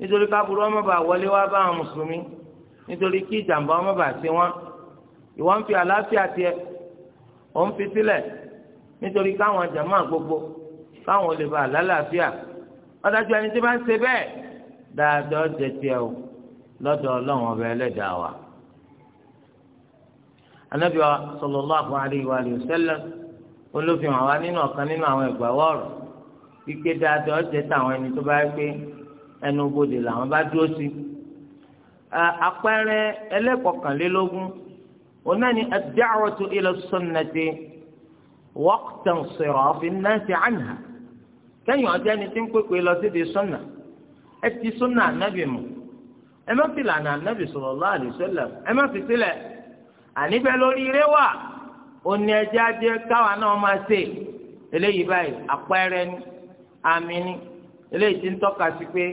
nítorí káburú ọmọ bá wọlé wá bá àwọn mùsùlùmí nítorí kí ìjàmbá ọmọ bá sí wọn ìwọ ń fi àlàáfíà tiẹ ò ń fi sílẹ̀ nítorí káwọn jàmáà gbogbo káwọn lè bá àlàáfíà ọ̀dájú ẹni tí bá ń ṣe bẹ́ẹ̀ dáadọ́ jẹ tiẹ o lọ́dọ̀ ọlọ́run ọba ẹlẹ́dàá wa. anabi wa sallallahu alayhi wa sallam olófin àwa nínú ọ̀kan nínú àwọn ìgbà wọ́ọ̀rọ̀ kíké dáadọ́ jẹ táwọn ẹni tó bá gbé ẹnu bodè làwọn bá dúró sí. àpẹẹrẹ ẹlẹ́kọ̀ọ́kànlélógún onáni ad-da'watu ila sunnati waqta insirafi an-nasi anha kẹ́yìn ọjọ́ ẹni tí ń pèpè lọ sí di sunna ẹ ti sunna ànábì mu ẹ má fi lànà ànábì sallallahu alaihi wasallam ẹ má fi sílẹ̀ àníbẹ̀ lórí eré wà òní ẹjẹ́ ajé káwa náà máa ṣe eléyìí báyìí àpẹẹrẹ ni àmì ni eléyìí ti ń tọ́ka sí pé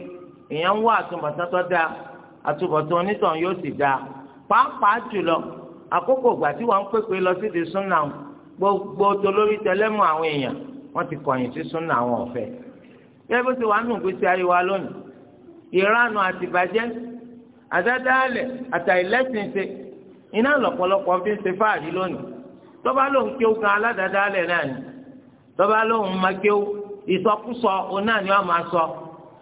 èèyàn ń wá àtúbọ̀tán tó dáa àtúbọ̀tán onítàn yóò sì dáa pàápàá jùlọ àkókò ìgbà tí wọ́n ń pèpè lọ sí di súnà gbogbo tolórí tẹlẹ́mù àwọn èèyàn wọ́n ti kọ̀yìn sí súnà àwọn ọ̀fẹ́ bẹ́ẹ̀ bó ti wà nù gbèsè ayé wa lónìí ìranu àtìbàjẹ́ àdádálẹ̀ àtàìlẹ́sìnṣe iná lọ́pọ̀lọpọ̀ fi ń ṣe fáàrí lónìí tọ́ba ló ń kéwú kan aládàádálẹ̀ náà ni tọ́ba ló ń ma ìsọkúsọ òun náà ni wọ́n máa sọ.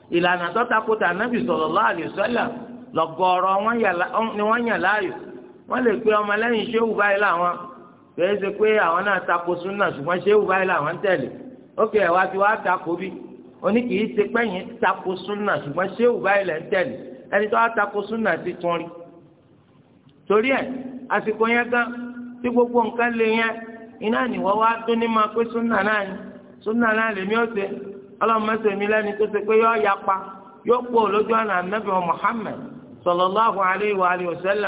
ìlànà tó takò tà nábì sallallahu alaihi lọ́gọ́rọ̀ ni wọ́n yàn láàyò wọ́n lè pe ọmọ lẹ́yìn ṣéwù báyìí làwọn ṣe pé àwọn náà takò súnà ṣùgbọ́n ṣéwù báyìí làwọn ókè wá takò bí oní kìí ṣe pẹ́yìn takò súnà ṣùgbọ́n báyìí lẹ̀ ń tẹ̀lé ẹni tó wá takò súnà ti tún torí àsìkò yẹn gan tí gbogbo nǹkan lè yẹn iná wá dún ní máa pé súnà náà súnà ọlọmọsẹ mi lẹni tó ṣe pé yọ yapa yóò pọ lójú ọ̀nà anabi muhammed sallallahu alayhi wa alihi wa wọn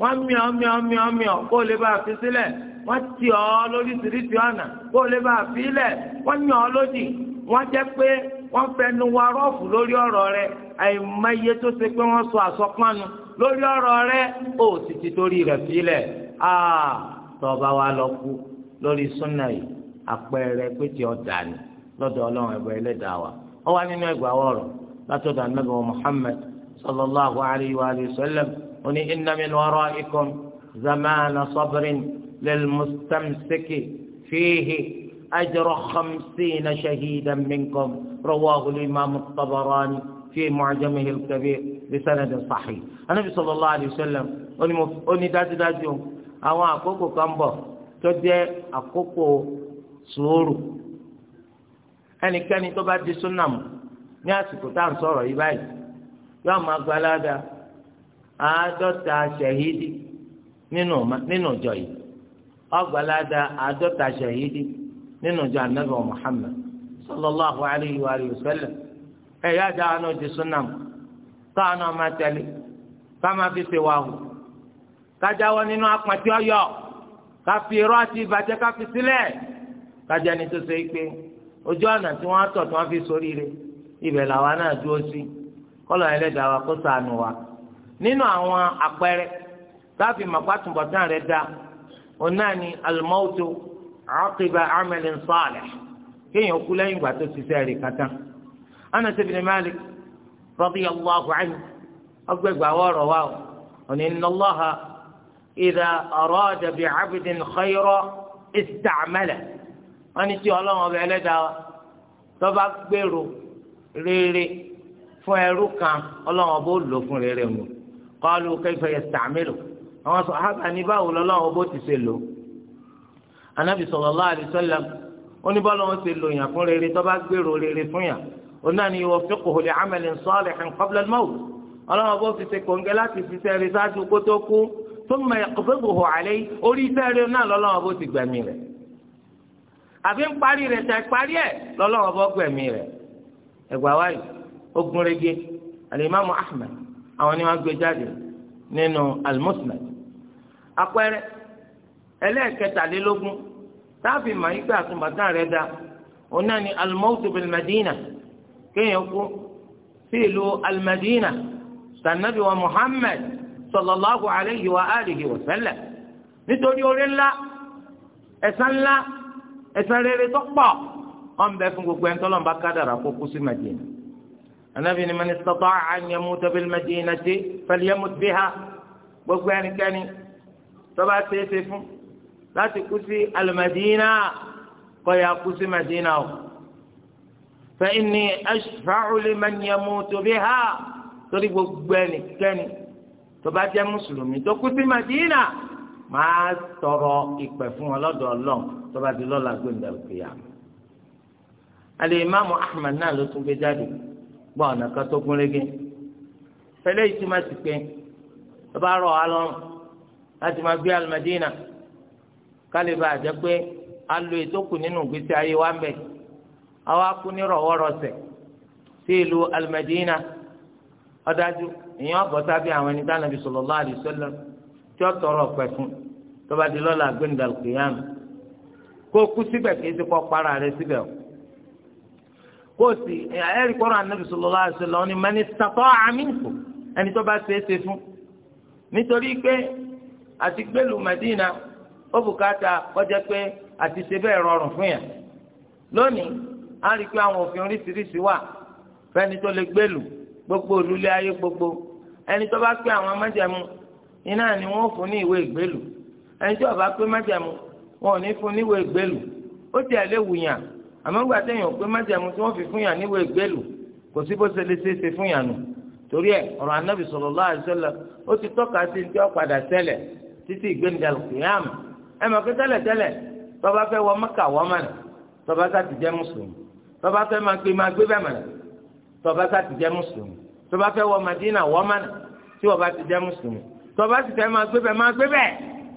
wọ́n mìọ́ mìọ́ mìọ́ mìọ́ kó o lè bá a fi sílẹ̀ wọ́n ti ọ́ lórí tìrìtì ọ̀nà kó o lè bá fi rẹ àìmọye tó ṣe pé sọ àsọpánu lórí ọrọ rẹ ó sì ti torí wa lọ kú lórí súnà lọ́dọ̀ ọlọ́run ẹ̀bọ̀ ẹlẹ́dàá wa ó wá nínú ẹgbàá ọ̀rọ̀ látọ̀dọ̀ anábì wa muhammed sallallahu alayhi wa sallam ó ní inna min waraikum zamana sabrin lil mustamsiki fihi ajru khamsina shahidan minkum rawahu al-imam at-tabarani fi mu'jamihi al-kabir bisanad sahih anábì sallallahu alayhi wa sallam ó ní dájúdájú àwọn àkókò kan bọ̀ tó jẹ́ àkókò sùúrù ẹnikẹ́ni tó bá di súnà ní àsìkò tá à ń sọ̀rọ̀ yìí báyìí yóò máa gba aláda àádọ́ta ṣẹ̀hídì nínú ìjọ yìí ọgbà aláda àádọ́ta ṣẹ̀hídì nínú ìjọ anabi Muhammad sallallahu alayhi wa sallam ẹ̀yà dáhà náà di súnà mú káwọn náà tẹ̀lé fi ṣe wàhù kájáwọ́ nínú apàtí ọyọ káfi irọ́ àti ìbàjẹ́ káfi sílẹ̀ kájá ni tó ṣe é pé. ojú ọ̀nà tí wọ́n tọ̀ tí wọ́n fi sórí rẹ̀ ibẹ̀ làwa náà dúró sí kọ́lọ̀ ẹlẹ́dàá wa kó ṣàánú wa nínú àwọn àpẹẹrẹ táàfin màpátùbọ̀tán rẹ̀ dá òun náà ni alimọ́tò àkìbà amẹ́lẹ̀ nsọ́ọ̀lẹ̀ kéèyàn kú lẹ́yìn ìgbà tó ti sẹ́ẹ̀rì kàtá Anas ibn Malik radiyallahu anhu ọgbẹ́gbà wọ́ọ̀rọ̀ wọ́n ní tí ọlọ́run ọba ẹlẹ́dàá tó bá gbèrò rere fún ẹrú kan ọlọ́run ọba ó lò fún rere mu qalu kayfa yasta'milu àwọn sàhábà ní báwo lọ́lọ́run ọba ó ti ṣe lò anabi sallallahu alaihi wasallam ó ní bọ́lá wọn ṣe lò yàn fún rere tó bá gbèrò rere fún yàn òun náà ni yuwaffiquhu li'amalin salihin qabla al-mawt ọlọ́run ọba ó fi ṣe kòǹgẹ́ láti fi ṣe rere ṣáájú kó tó kú thumma yaqbiduhu alayhi orí iṣẹ́ náà lọ́lọ́run ọba ti gbẹ̀mí rẹ̀ àfi ń parí rẹ̀ tẹ̀ parí ẹ̀ lọ́lọ́wọ́ bọ́ gbẹ̀mí rẹ̀ ẹ̀gbà wáyé ogun rege alimami ahmed àwọn ni wọ́n gbé jáde nínú almusnad àpẹẹrẹ ẹlẹ́ẹ̀kẹtàlélógún táàfin mayigba àtúbàtà rẹ̀ dá òun náà ni almawtu bil madina kéèyàn kú sí ìlú almadina sanabi wa muhammad sallallahu alayhi wa alihi wa sallam nítorí orí ńlá ẹ̀san ńlá ẹ̀san rere tó pọ̀ wọn bẹ fún gbogbo ẹni tọ́lọ́n bá kádàrà kó kú sí madina anabi ni mani sọtọ an yamuta bil madinati falyamut biha gbogbo ẹnikẹ́ni tó bá ṣeéṣe fún láti kú sí alimadina kó yá kú sí madina o fa inni ashfa'u liman yamutu biha gbogbo ẹnikẹ́ni tó bá mùsùlùmí tó kú sí madina. máa tọrọ ìpè fún wọn ọlọ Ọlọ́run tó bá di lọ́la gbẹndà òkèèyà alimami Ahmad náà ló tún gbé jáde gbọ ọ̀nà kan tó gún régé yìí tí ma ti pé tó bá láti gbé alimadina kálíba àjẹ pé alo ètò kù nínú gbèsè ayé wa ń àwa kú alimadina ìyẹn àwọn ẹni tí ó tọrọ ọpẹ́ fún tó bá di lọ́la gbẹndàlù kìyàm kó kú síbẹ̀ kí esi kọ para rẹ̀ síbẹ̀ o kó o sì ẹrí kọrọ anabi sallallahu alaihi wasallam ni mẹni sàtọ àmínkù ẹni tó ṣe é ṣe fún nítorí pé àti gbẹlú Madina ó bùkátà kọjá pé àti ṣe bẹ́ẹ̀ rọrùn fún yẹn lónìí a rí i pé àwọn òfin oríṣiríṣi wà fẹ́ni tó lè gbẹlú gbogbo olùlé ayé gbogbo ẹni tó pé àwọn amájẹmú iná ni wọ́n fún ní ìwé ìgbélù ẹni tí ọba pé májẹ̀mú wọn ò ní fún níwé ìgbélù ó ti àlè wùyàn àmọ́ gbà téèyàn pé májẹ̀mú tí wọ́n fi fún yàn níwé ìgbélù kò sí bó ṣe lè ṣe é ṣe fún yàn nù torí ẹ ọ̀rọ̀ anábì sallallahu alaihi wasallam ó ti tọ́ka sí ti ọ̀padà tẹ́lẹ̀ títí ìgbéǹdàlù kìyàmù ẹ mọ̀ pé tẹ́lẹ̀ tẹ́lẹ̀ tọba fẹ́ wọ mẹ́kà wọ Madina tí wọ́n ti jẹ́ mùsùlùmí tọba ti fẹ́ máa gbé bẹ́ẹ̀ máa gbé bẹ́ẹ̀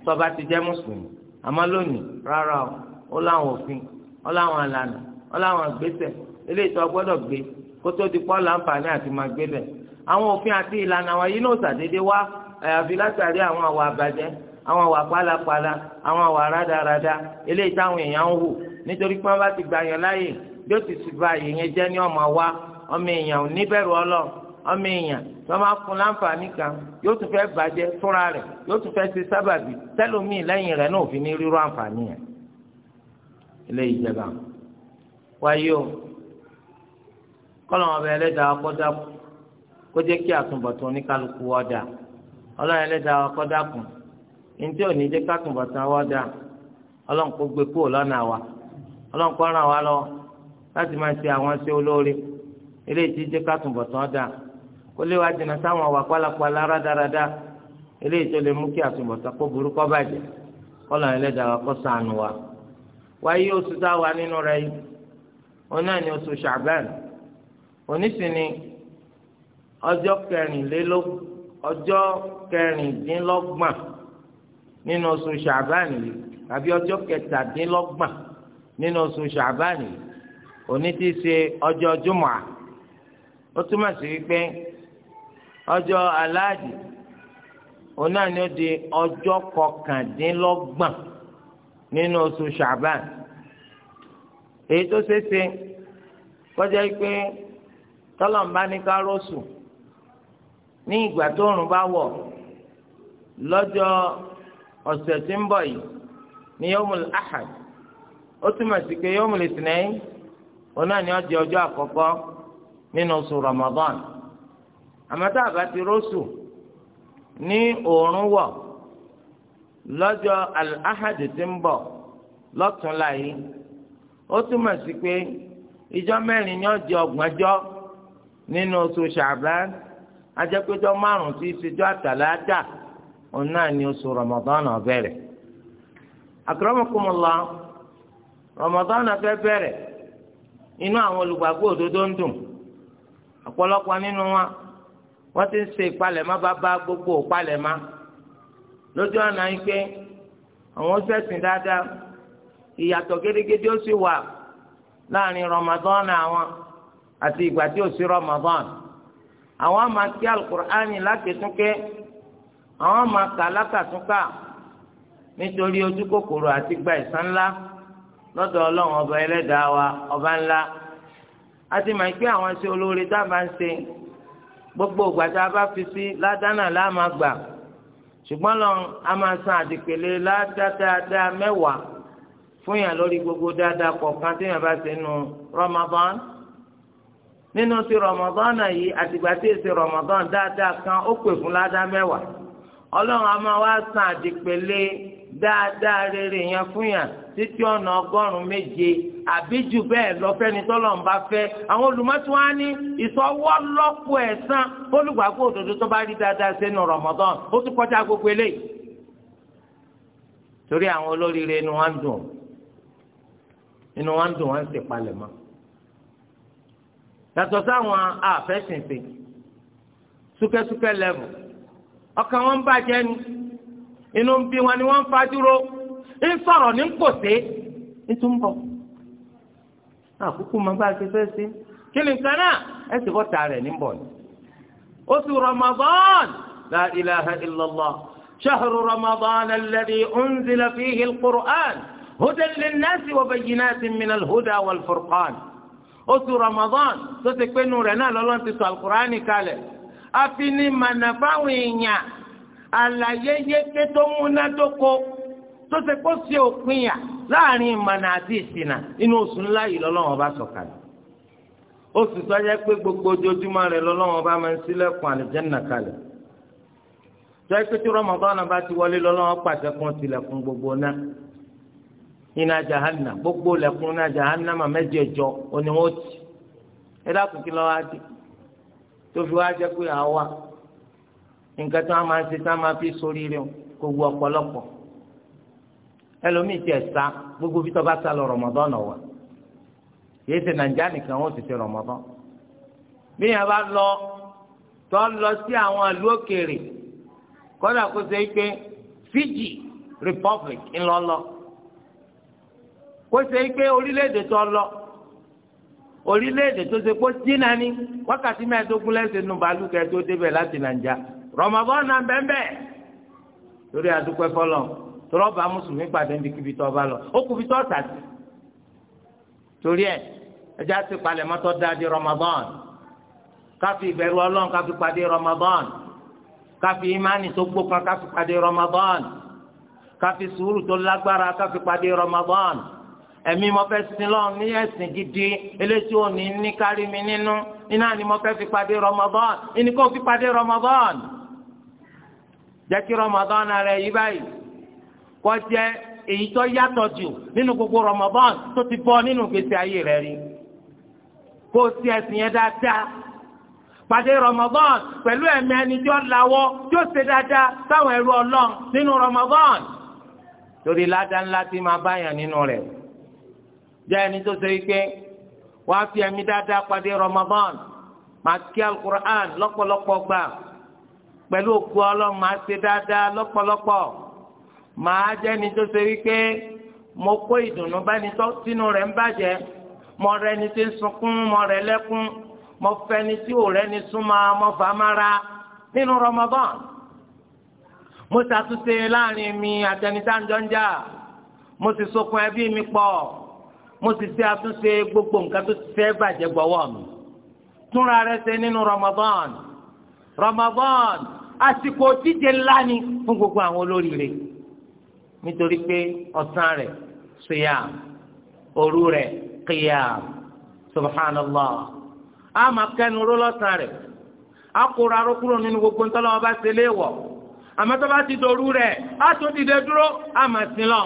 tọba ti jẹ́ mùsùlùmí àmọ́ lónìí rárá o ó láwọn òfin ó láwọn àlànà ó láwọn àgbésẹ̀ eléyìí tó gbọ́dọ̀ gbé kó tó di pọ́ láǹfààní àti máa gbé bẹ́ẹ̀ àwọn òfin àti ìlànà wa yìí náà ṣàdédé wá àyàfi látàrí àwọn àwà àbàjẹ́ àwọn àwà pálapàla àwọn àwà rádaràda eléyìí táwọn èèyàn ń hù nítorí pé wọ́n bá ti gbà yàn láàyè bí ó ti sì ba èèyàn jẹ́ ní ọmọ wa ọmọ èèyàn ò níbẹ̀rù ọlọ́run ọmọ èèyàn tó fún láǹfààní kan yóò tún fẹ́ bàjẹ́ fúnra rẹ̀ yóò tún fẹ́ ṣe sábàbí tẹ́lómìn lẹ́yìn rẹ̀ náà fi ní rírọ àǹfààní yẹn. ilé ìjẹba wáyé o kọ́lọ̀ ọ̀bẹ ẹlẹ́dàá kó jẹ́ kí àtúbọ̀tán oníkálukú ọ̀dà ọlọ́run ẹlẹ́dàá wa kátùbọ̀tán ó wa jìnnà sáwọn àwà pálapàla rádaràda eléyìí tó lè mú kí àtúbọ̀tán kó burú bàjẹ́ wa kó ṣàánú wa. wáyé oṣù tá a wà nínú rẹ̀ yìí ni oṣù ṣàbẹ́ẹ̀nì onísìnyí ọjọ́ kẹrìnlélógún ọjọ́ kẹrìndínlọ́gbọ̀n nínú oṣù ṣàbẹ́ẹ̀nì yìí tàbí ọjọ́ kẹtàdínlọ́gbọ̀n nínú oṣù yìí ti ọjọ́ jùmọ̀ ó túmọ̀ sí ọjọ́ aláàdì òun náà ni ó di ọjọ́ kọkàndínlọ́gbọ̀n nínú oṣù ṣàbàn èyí tó ṣeéṣe kọjá pé tọ́lọ̀mbá ní kárọ́ọ̀sù ní ìgbà tó rùn bá wọ̀ lọ́jọ́ ọ̀sẹ̀ tí ń bọ̀ yìí ní yọ́mùl ahad ó túmọ̀ sí pé òun náà ni ó di ọjọ́ Ramadan. àmọ́ tá a bá ti rọ́ṣù ní al ti ń bọ̀ lọ́túnla yìí ó túmọ̀ sí pé ìjọ mẹ́rin ni ó di ọgbọ̀njọ́ nínú oṣù ṣàbán ajẹ́pẹ́jọ́ márùn-ún tí ìṣèjọ́ òun náà ni oṣù rọmọdán bẹ̀rẹ̀ àkàràmọ́kùnmọ́lá rọmọdán fẹ́ bẹ̀rẹ̀ inú àwọn olùgbàgbọ́ òdodo ń dùn ọ̀pọ̀lọpọ̀ nínú wọ́n ti ń ṣe ìpalẹ̀mọ́ bá bá gbogbo ìpalẹ̀mọ́ lójú ọ̀nà yìí pé àwọn sẹ̀sìn dáadáa ìyàtọ̀ gédégédé ó sì wà láàrin Ramadan àwọn àti ìgbà tí ó sí Ramadan àwọn máa kí alukur'ani lákètúnkẹ́ àwọn máa kà lákàtúnkà nítorí ojú kòkòrò àti gba ìsan ńlá lọ́dọ̀ ọlọ́run ọba ẹlẹ́dàá wa ọba ńlá a ti máa ń pé àwọn ẹṣẹ́ olóore dábàá ń ṣe gbogbo ìgbà tá a bá fi sí ládánà láàmà gbà ṣùgbọ́n lọ a máa san àdìpèlè ládáadáa mẹ́wàá fún yàn lórí gbogbo dáadáa kọ̀ọ̀kan tí yàn bá ṣe nu Ramadan nínú ti Ramadan yìí àtìgbà tí èsì Ramadan dáadáa kan ó pè fún ládàá mẹ́wàá ọlọ́run a máa wá san àdìpèlè dáadáa rere yẹn fún yàn títí ọ̀nà ọgọ́rùn-ún méje àbí jù bẹ́ẹ̀ lọ́fẹ́ni tọ́lọ̀ ń bá fẹ́ àwọn olùmọ̀tún á ní ìsọwọ́ lọ́pọ̀ ẹ̀san olùgbàgbọ́ òdodo tó bá rí dáadáa sínú Ramadan ó tún kọjá gbogbo eléyìí torí àwọn olóríire inú wa ń dùn inú wa ń dùn wọ́n ń ṣe palẹ̀mọ́ yàtọ̀ sáwọn àfẹ́sìnfẹ́ súkẹ́súkẹ́ lẹ́vù ọkàn wọn bàjẹ́ ni inú ń bí wọn ni wọ́n ń fa dúró ń sọ̀rọ̀ ní pòṣé nítúbọ̀ àkókò máa bá a ṣe fẹ́ sí kí ni nǹkan náà ẹ sì bọ́ta rẹ̀ ní bọ̀ ni oṣù Ramadan la ilaha illallah shahru Ramadan alladhi unzila fihi al-Qur'an hudan lin-nasi wa bayyinatin min al-huda wal-furqan oṣù Ramadan tó ti pé nu rẹ̀ náà lọ́lọ́run ti sọ alukur'ani kalẹ̀ àfi ni mànàfáwọn èèyàn àlàyé yéké tó múnádóko tó ṣe kó ṣe òpin yà láàrin ìmọ̀nà àti ìsìnà inú oṣù ńlá yìí lọ́lọ́wọ́n bá sọ̀kalẹ̀ oṣù tó yẹ pé gbogbo ojoojúmọ́ rẹ̀ lọ́lọ́wọ́n bá máa ń ṣílẹ̀kùn àlùjẹ́nà kalẹ̀ tó yẹ pé tí rọmọdọ́nà bá ti wọlé lọ́lọ́wọ́n pàṣẹ kún tilẹ̀kùn gbogbo náà iná jahanna gbogbo lẹ̀kùn iná jahanna mà mẹ́jẹ̀ẹ̀jọ òní wọ́n ti ẹ dákun kí lọ́wọ́ á tó fi wá jẹ́ pé àwa nǹkan tí ẹlòmíì tiẹ̀ sá gbogbo bí tọ́ba sá lọ Ramadan náà wà yìí ṣe nàìjíríà nìkan wọ́n ti ṣe Ramadan bí yẹn bá lọ tọ́ lọ sí àwọn ìlú òkèèrè kọ́dà kó ṣe pé Fiji Republic ńlọ́lọ́ kó ṣe pé orílẹ̀-èdè tó lọ orílẹ̀-èdè tó ṣe kó dínà ní wákàtí mẹ́ẹ̀ẹ́dógún lẹ́sẹ̀ nù bàálù kẹ́ẹ́ tó débẹ̀ láti nàìjíríà Ramadan náà bẹ́ẹ̀ bẹ́ẹ̀ lórí àdúpẹ́ fọlọ́n tọrọ bá mùsùlùmí pàdé níbi kíbi tó bá lọ ó kú bí tó tà sí. torí ẹ ẹja ti palẹ̀ mọ́tò dáadé Ramadan káfí ìbẹ̀rù ọlọ́run káfí pàdé Ramadan káfí imáni tó gbókan káfí pàdé Ramadan káfí sùúrù tó lágbára káfí pàdé Ramadan ẹ̀mí mo fẹ́ sin lọ́n ní ẹ̀sìn gidi eléyìí ò ní ní kárí mi nínú iná ni mo fẹ́ fi pàdé Ramadan ìníkò fi pàdé Ramadan jẹ́ kí Ramadan rẹ̀ yí báyìí kó jẹ́ èyí tó yàtọ̀ jù nínú gbogbo Ramadan tó ti bọ́ nínú gbèsè ayé rẹ̀ rí kó o ti ẹ̀sìn yẹn dáadáa pàdé Ramadan pẹ̀lú ẹ̀mí ẹni tí ó lawọ́ tí ó ṣe dáadáa sáwọn ẹrú Ọlọ́run nínú Ramadan torí ládá ńlá tí máa báyàn nínú rẹ̀ jẹ́ ẹni tó ṣe wípé wọ́n á fi ẹ̀mí dáadáa pàdé Ramadan máa kí alukur'an lọ́pọ̀lọpọ̀ gbà pẹ̀lú òkú Ọlọ́run máa ṣe dáadáa lọ́pọ̀lọpọ̀ màá jẹ́ni tó ṣe wípé mo kó ìdùnnú báni tó sínú rẹ̀ ń bàjẹ́ mo rẹni tí ń sunkún mo rẹ lẹ́kún mo fẹni tí ò rẹni súnmọ́ mo fà á mára nínú Ramadan mo ṣàtúnṣe láàrin mi àtẹnitáńjọ́njà mo sì sokun ẹbí mi pọ̀ mo sì ṣe àtúnṣe gbogbo nǹkan tó ti fẹ́ bàjẹ́ gbọ́wọ́ mi túnra rẹ ṣe nínú Ramadan Ramadan àsìkò tíje ńlá ni fún gbogbo àwọn olóríire nítorí pé ọ̀sán rẹ̀ siyam òru rẹ̀ qiyam subhanallah a máa kẹ́nu ró lọ́sàn rẹ̀ a kóra aró kúrò nínú gbogbo ntọ́lá wọn bá ṣe léèwọ̀ àmọ́ tó bá ti dòru rẹ̀ a tó dìde dúró a máa sin lọ.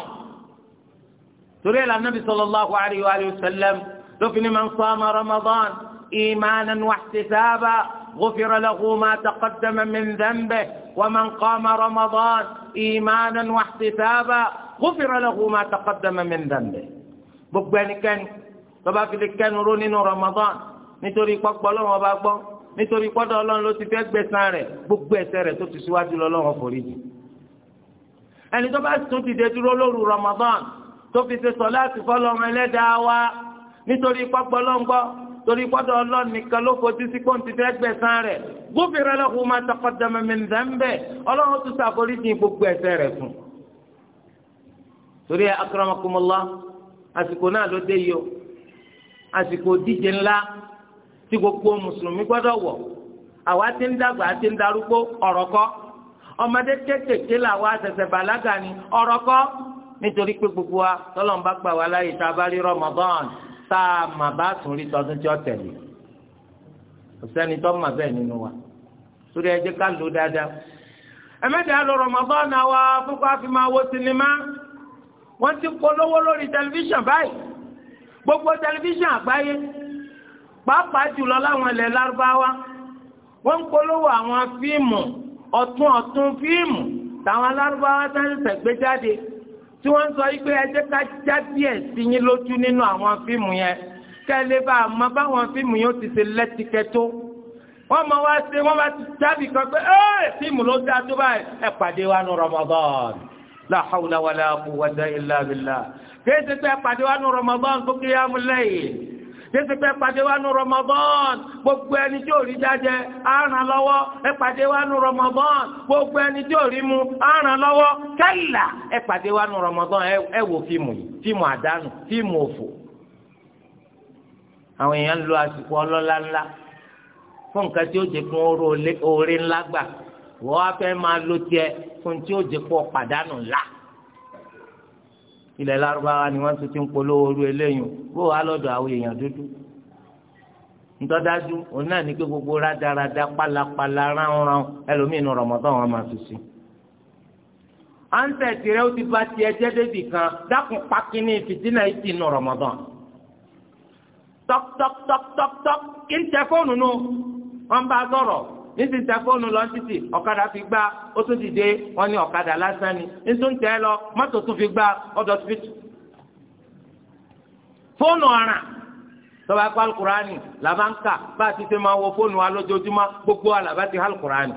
torí ẹ̀ la nabi sallallahu alayhi wa sallam lófin ni man sama ramadan imanan wa ihtisaban غفر له ما تقدم من ذنبه ومن قام رمضان ìmánan wà sí sábà ghufira lahu ma taqaddama min dhanbi gbogbo ẹnikẹ́ni tó bá fi lè kẹ́nu ró nínú Ramadan nítorí pọ́pọ́ lọ́wọ́ bá gbọ́ nítorí pọ́dọ̀ ọlọ́run ló ti fẹ́ gbẹ̀san rẹ̀ gbogbo ẹ̀ṣẹ̀ rẹ̀ tó ti síwájú lọ́lọ́run forí jì ẹni tó bá tún ti dé dúró lóru Ramadan tó fi ṣe sọ láti fọ́lọ́run ẹlẹ́dàá wa nítorí pọ́pọ́ lọ́ngbọ́n torí gbọ́dọ̀ Ọlọ́run nìkan ló fojú sí kó n ti fẹ́ gbẹ̀san rẹ̀ gómìnà lọkùn máa taqaddama min dhanbi Ọlọ́run tún ṣàforíjì gbogbo ẹ̀ṣẹ̀ rẹ̀ fún. torí ẹ akramakumullah àsìkò náà ló dé yìí o àsìkò díje ńlá tí gbogbo mùsùlùmí gbọ́dọ̀ wọ àwa ti ń dàgbà àti ń darúgbó ọ̀rọ̀ kọ́ ọmọdé kéékèèké làwa ṣẹ̀ṣẹ̀ bàlágà ni ọ̀rọ̀ kọ́ nítorí pé gbogbo wa tọlọmọba gbà wá láyè tá a bá rí Ramadan tá a mà bá tún rí tọdún tí ó tẹ̀lé kò sẹ́ni tó mà bẹ́ẹ̀ nínú wa sórí ẹ ká lò dáadáa ẹ̀mẹ́ta ẹ̀ lọ Ramadan náà wá fúnpá fi máa wo sinimá wọ́n ti polówó lórí tẹlifíṣàn báyìí gbogbo tẹlifíṣàn àgbáyé pàápàá jùlọ láwọn ilẹ̀ lárúbáwá wọ́n ń polówó àwọn fíìmù ọ̀tún ọ̀tún fíìmù táwọn lárúbáwá tẹ́lifẹ̀ gbé jáde tí wọ́n ń sọ yìí pé ẹ jẹ́ ká já díẹ̀ sí yín lójú nínú àwọn fíìmù yẹn kẹ́lẹ́ bá a mọ báwọn fíìmù yẹn ó ti ṣe lẹ́tìkẹ́ tó wọ́n mọ wá ṣe wọ́n bá ti jábì kan pé ẹ́ fíìmù ló dáa tó báyìí ẹ pàdé wa nù Ramadan la hawla wala quwwata illa billah kí ẹ ti pẹ́ pàdé wa nù Ramadan tó kí yá mu lẹ́yìn. jésù pé pàdé wa nu Ramadan gbogbo ẹni tí ò rí jájẹ àràn lọ́wọ́ ẹ pàdé wa nu gbogbo ẹni tí ò rí mu àràn lọ́wọ́ kẹ́là ẹ pàdé wa nu ẹ wò fíìmù yìí fíìmù àdánù fíìmù òfò àwọn èèyàn lo àsìkò ilẹ̀ lárúbáwá ni wọ́n tún ti ń polówó orú eléyìí bó wàá lọ́dọ̀ àwọn èèyàn dúdú ntọ́dájú òun náà ní pé gbogbo rádaràda pálapàla ránran ẹlòmíín nu rọ̀mọ́tọ́ wọn máa tún sí. à ń tẹ̀sí rẹ ó ti bá tiẹ̀ jẹ́ débì kan dákun pákínní fìtínà yìí ti nu rọ̀mọ́tọ́. tọ́k tọ́k tọ́k tọ́k tọ́k kí n tẹ fóònù nù wọ́n bá sọ̀rọ̀ níbi tí afọ́nù lọ títì ọ̀kadà fi gbá ó tún dìde wọ́n ní ọ̀kadà lásán ni nítorí tẹ́ lọ mọ́tò tún fi gbá ọ̀dọ̀ tó fi tù. fóònù ọ̀ràn tọ́ba ẹ̀kọ́ alukurani làbá ń kà bá a ti ṣe máa wọ fóònù wa gbogbo wa ti alukurani.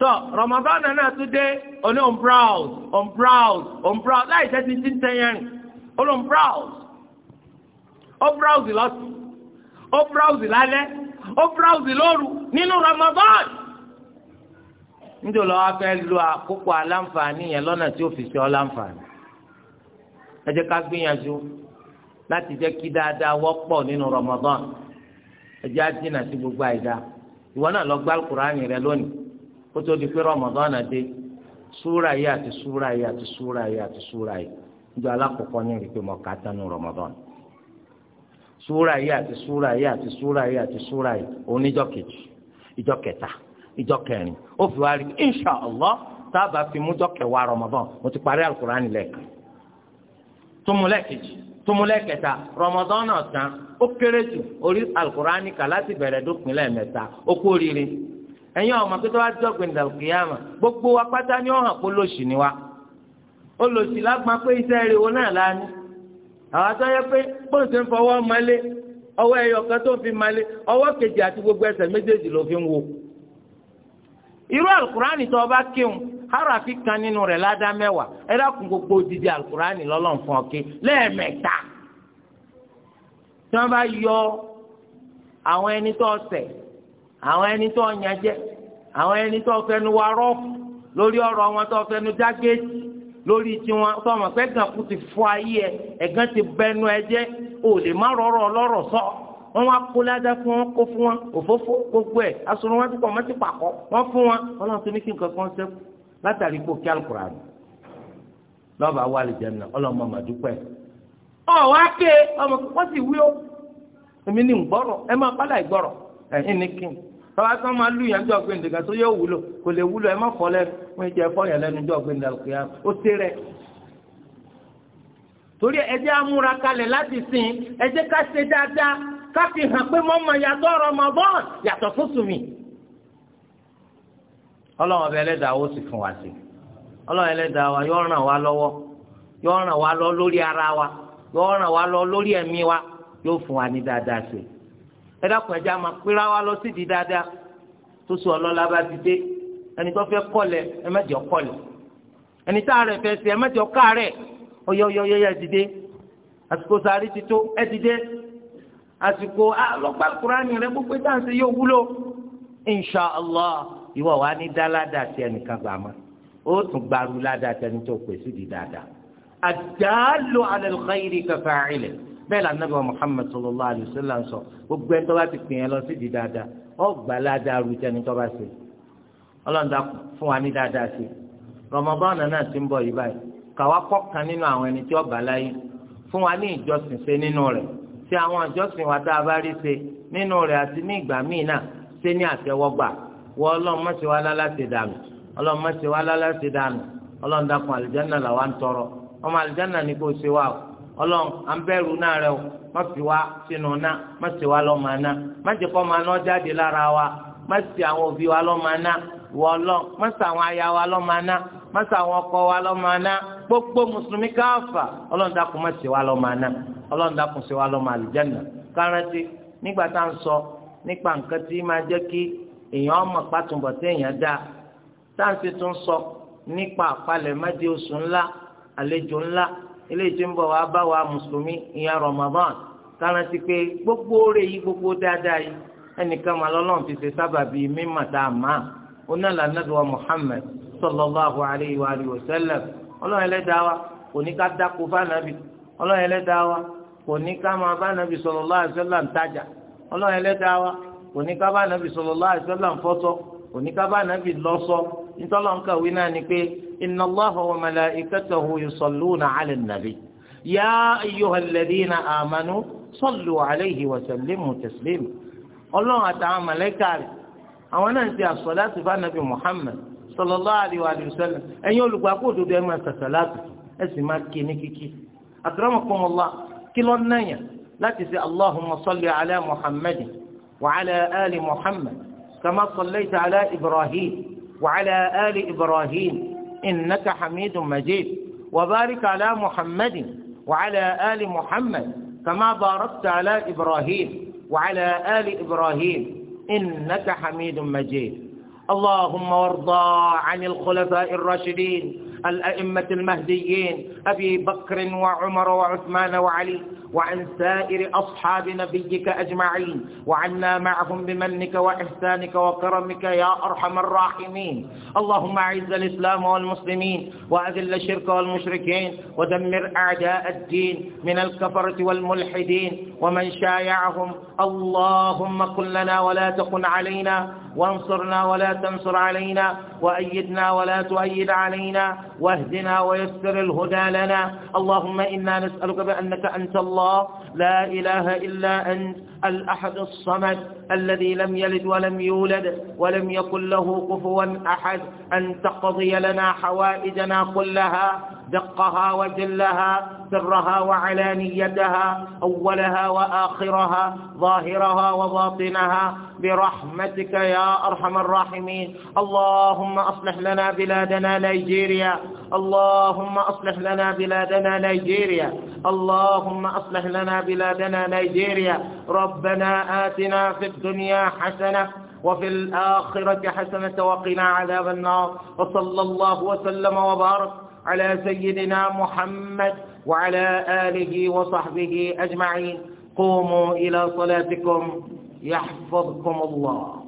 tọ́ Ramadan náà tún dé oní on browse on browse on browse láì jẹ́ ti ti ń tẹ́yẹ̀rìn ó lọ on browse ó browse lálẹ́. ó browse lóru nínú Ramadan nítorí wọn fẹ́ lo àkókò aláǹfààní yẹn lọ́nà tí ó fi ṣe ọ́ láǹfààní ẹ jẹ́ ká gbìyànjú láti jẹ́ kí dáadáa nínú Ramadan ẹ jẹ́ àjìnà sí gbogbo àìdá ìwọ náà lọ gbá rẹ lónìí kó tó Ramadan súra yìí àti súra yìí àti súra yìí àti súra yìí ní súra yìí àti súra yìí àti súra yìí àti súra yìí oníjọ́ kejì kẹta kẹrin ó fi insha sábà fi mújọ́ kẹwàá rọmọbọ́n mo ti parí alukurani lẹ́ẹ̀kan tó mú rọmọdán náà tán ó kéré jù orí alukurani kà láti bẹ̀rẹ̀ dópin ó kú oríire ẹ̀yin ọmọ pé tó gbogbo ni ó hàn pé wa lágbá pé iṣẹ́ náà àwọn atọ́yẹ pé bóun ti ń fọwọ́ malé ọwọ́ ẹyọ kan tó fi malé ọwọ́ kejì àti gbogbo ẹsẹ̀ méjèèjì ló fi ń wo. irú alukurani tó o bá kéwọn harafi kan nínú rẹ̀ ládá mẹ́wàá ẹ dákun gbogbo odidi alukurani lọ́lọ́n fún ọ̀kẹ́ lẹ́ẹ̀mẹ́ta tí wọ́n bá yọ àwọn ẹni tó ṣẹ̀ àwọn ẹni tó yànjẹ àwọn ẹni tó fẹnu wa lórí ọ̀rọ̀ wọn tó fẹnu dágéèjì lórí tiwọn sọmọ pé gàkú ti fọ ayé ẹ ẹgán ti bẹnu ẹ jẹ ò lè má rọrọ ọlọ́rọ̀ sọ wọn wá kó ládàá fún wọn kó fún wọn òfófó gbogbo ẹ aṣọ wọn ti pọ wọn ti pàkọ wọn fún wọn Ọlọ́run tó ní kí nǹkan kan ṣẹ́kù látàrí kó kí alukura rẹ lọba wà lè jẹun náà ọlọmọ màdúpẹ ọ wá ké ọmọ kókó sì wí ó èmi ní ngbọrọ ẹ máa bá láì gbọrọ ẹ̀yin ní kí n. tọ́wá tí máa lù yẹn jọ gbẹ̀ǹdẹ̀ kan tó yóò wúlò kò lè wúlò ẹ má fọ́ lẹ́nu wọ́n fọ́ yẹn lẹ́nu jọ gbẹ̀ǹdẹ̀ kìá ó tẹ́ torí ẹ amúra kalẹ̀ láti sìn ẹ ká ṣe dáadáa ká fi hàn pé mọ́ mọ yàtọ̀ Ramadan yàtọ̀ fún sùnmi. ẹlẹ́dàá ó wa sí ọlọ́run ẹlẹ́dàá wa yóò ràn ara wa lọ wa fún ẹ dákun ẹjẹ àmà pera wa lọ sídìí dáadáa tó sọ ọlọ́lá bá ti dé ẹni tó fẹ́ kọ́lẹ̀ ẹ má jẹ́ kọ́lẹ̀ ẹni tá a rẹ̀ fẹ́ sí ẹ má jẹ́ káàrẹ̀ ọyọyọyọyọ ẹ dìde àsìkò sàárì ti tó ẹ dìde àsìkò ọlọ́pàá kúránì rẹ gbogbo dáǹsì yóò wúlò inṣàlá ìwọ wa ní dá ládàá tí ẹnìkan gbà má ó tún gbàrú ládàá tí ẹni tó pè sídìí dáadáa àdáàlú alẹ́ bẹ́ẹ̀ lànàbí wa Muhammad sallallahu alayhi wa sallam sọ gbogbo ẹni tó bá ti pè yẹn lọ sí di dáadáa ọ gbà ládàá ru tẹni tó bá ṣe ọlọ́ọ̀dà fún wa ní dáadáa ṣe Ramadan náà ti ń bọ̀ yìí báyìí kàwa kọ́ kan nínú àwọn ẹni tí ó gbà láyé fún wa ní ìjọsìn ṣe nínú rẹ̀ tí àwọn ìjọsìn wa tá a bá rí ṣe nínú rẹ̀ àti ní ìgbà míì náà ṣe ní àtẹ́wọ́gbà wọ ọlọ́run lálá ṣe dànù ọlọ́run ọlọ́run à ń bẹ̀rù náà rẹ o má fi wá sínú náà má sì wá lọ́ọ́ máa ná má jẹ́ kó máa ná jáde lára wa má sì àwọn òbí wa lọ́ọ́ máa ná wọ ọlọ́run má sì àwọn aya wa lọ́ọ́ máa ná má sì àwọn ọkọ wa lọ́ọ́ máa ná gbogbo mùsùlùmí káfà ọlọ́run dákun má sì wá lọ́ọ́ máa ná ọlọ́run dákun sì wá lọ́ọ́ máa àlùjánnà kárántì nígbà tá à ń sọ nípa nǹkan tí máa jẹ́ kí èèyàn ọmọ pàtùbọ̀ tí èèyàn dáa táǹsì tún sọ nípa àpalẹ̀ má ńlá àlejò ńlá eléyìí tí ń bọ̀ wá bá wa mùsùlùmí ìyá Ramadan pé gbogbo oore yìí gbogbo dáadáa yìí ẹnìkan máa lọ́lọ́run ti ṣe sábàbí mímọ̀ tá a máa onáàlà nàdùwà Muhammad sallallahu alayhi wa alihi wa sallam ọlọ́run wa kò ní ká ọlọ́run ẹlẹ́dàá wa kò ní ká máa bá nàbì ọlọ́run ẹlẹ́dàá wa kò ní ká bá nàbì inna Allaha wa malaikatahu yusalluna 'ala an-nabi ya ayyuhalladhina amanu sallu 'alayhi wa sallimu taslima ọlọ́run àtàwọn màláíkà rẹ̀ àwọn náà ń ṣe àsàlátù bá nàbì Muhammad sallallahu alayhi wa sallam ẹ̀yin olùgbàgbọ́ òdodo ẹ̀ máa sàsàlátù ẹ̀ sì máa kí ní kíkí akramakumullah kí ló ń náyà láti ṣe allahumma salli ala Muhammad wa ala ali Muhammad kama sallaita ala Ibrahim wa ala ali Ibrahim. إنك حميد مجيد وبارك على محمد وعلى آل محمد كما باركت على إبراهيم وعلى آل إبراهيم إنك حميد مجيد اللهم وارضى عن الخلفاء الراشدين الأئمة المهديين أبي بكر وعمر وعثمان وعلي وعن سائر أصحاب نبيك أجمعين وعنا معهم بمنك وإحسانك وكرمك يا أرحم الراحمين اللهم أعز الإسلام والمسلمين وأذل الشرك والمشركين ودمر أعداء الدين من الكفرة والملحدين ومن شايعهم اللهم كن لنا ولا تكن علينا وانصرنا ولا تنصر علينا وأيدنا ولا تؤيد علينا واهدنا ويسر الهدى لنا اللهم إنا نسألك بأنك أنت الله لا إله إلا أنت الأحد الصمد الذي لم يلد ولم يولد ولم يكن له كفوا أحد أن تقضي لنا حوائجنا كلها دقها وجلها سرها وعلانيتها أولها وآخرها ظاهرها وباطنها برحمتك يا أرحم الراحمين اللهم أصلح لنا بلادنا نيجيريا اللهم أصلح لنا بلادنا نيجيريا اللهم أصلح لنا بلادنا نيجيريا ربنا آتنا في الدنيا حسنة وفي الآخرة حسنة وقنا عذاب النار وصلى الله وسلم وبارك على سيدنا محمد وعلى آله وصحبه أجمعين قوموا إلى صلاتكم يحفظكم الله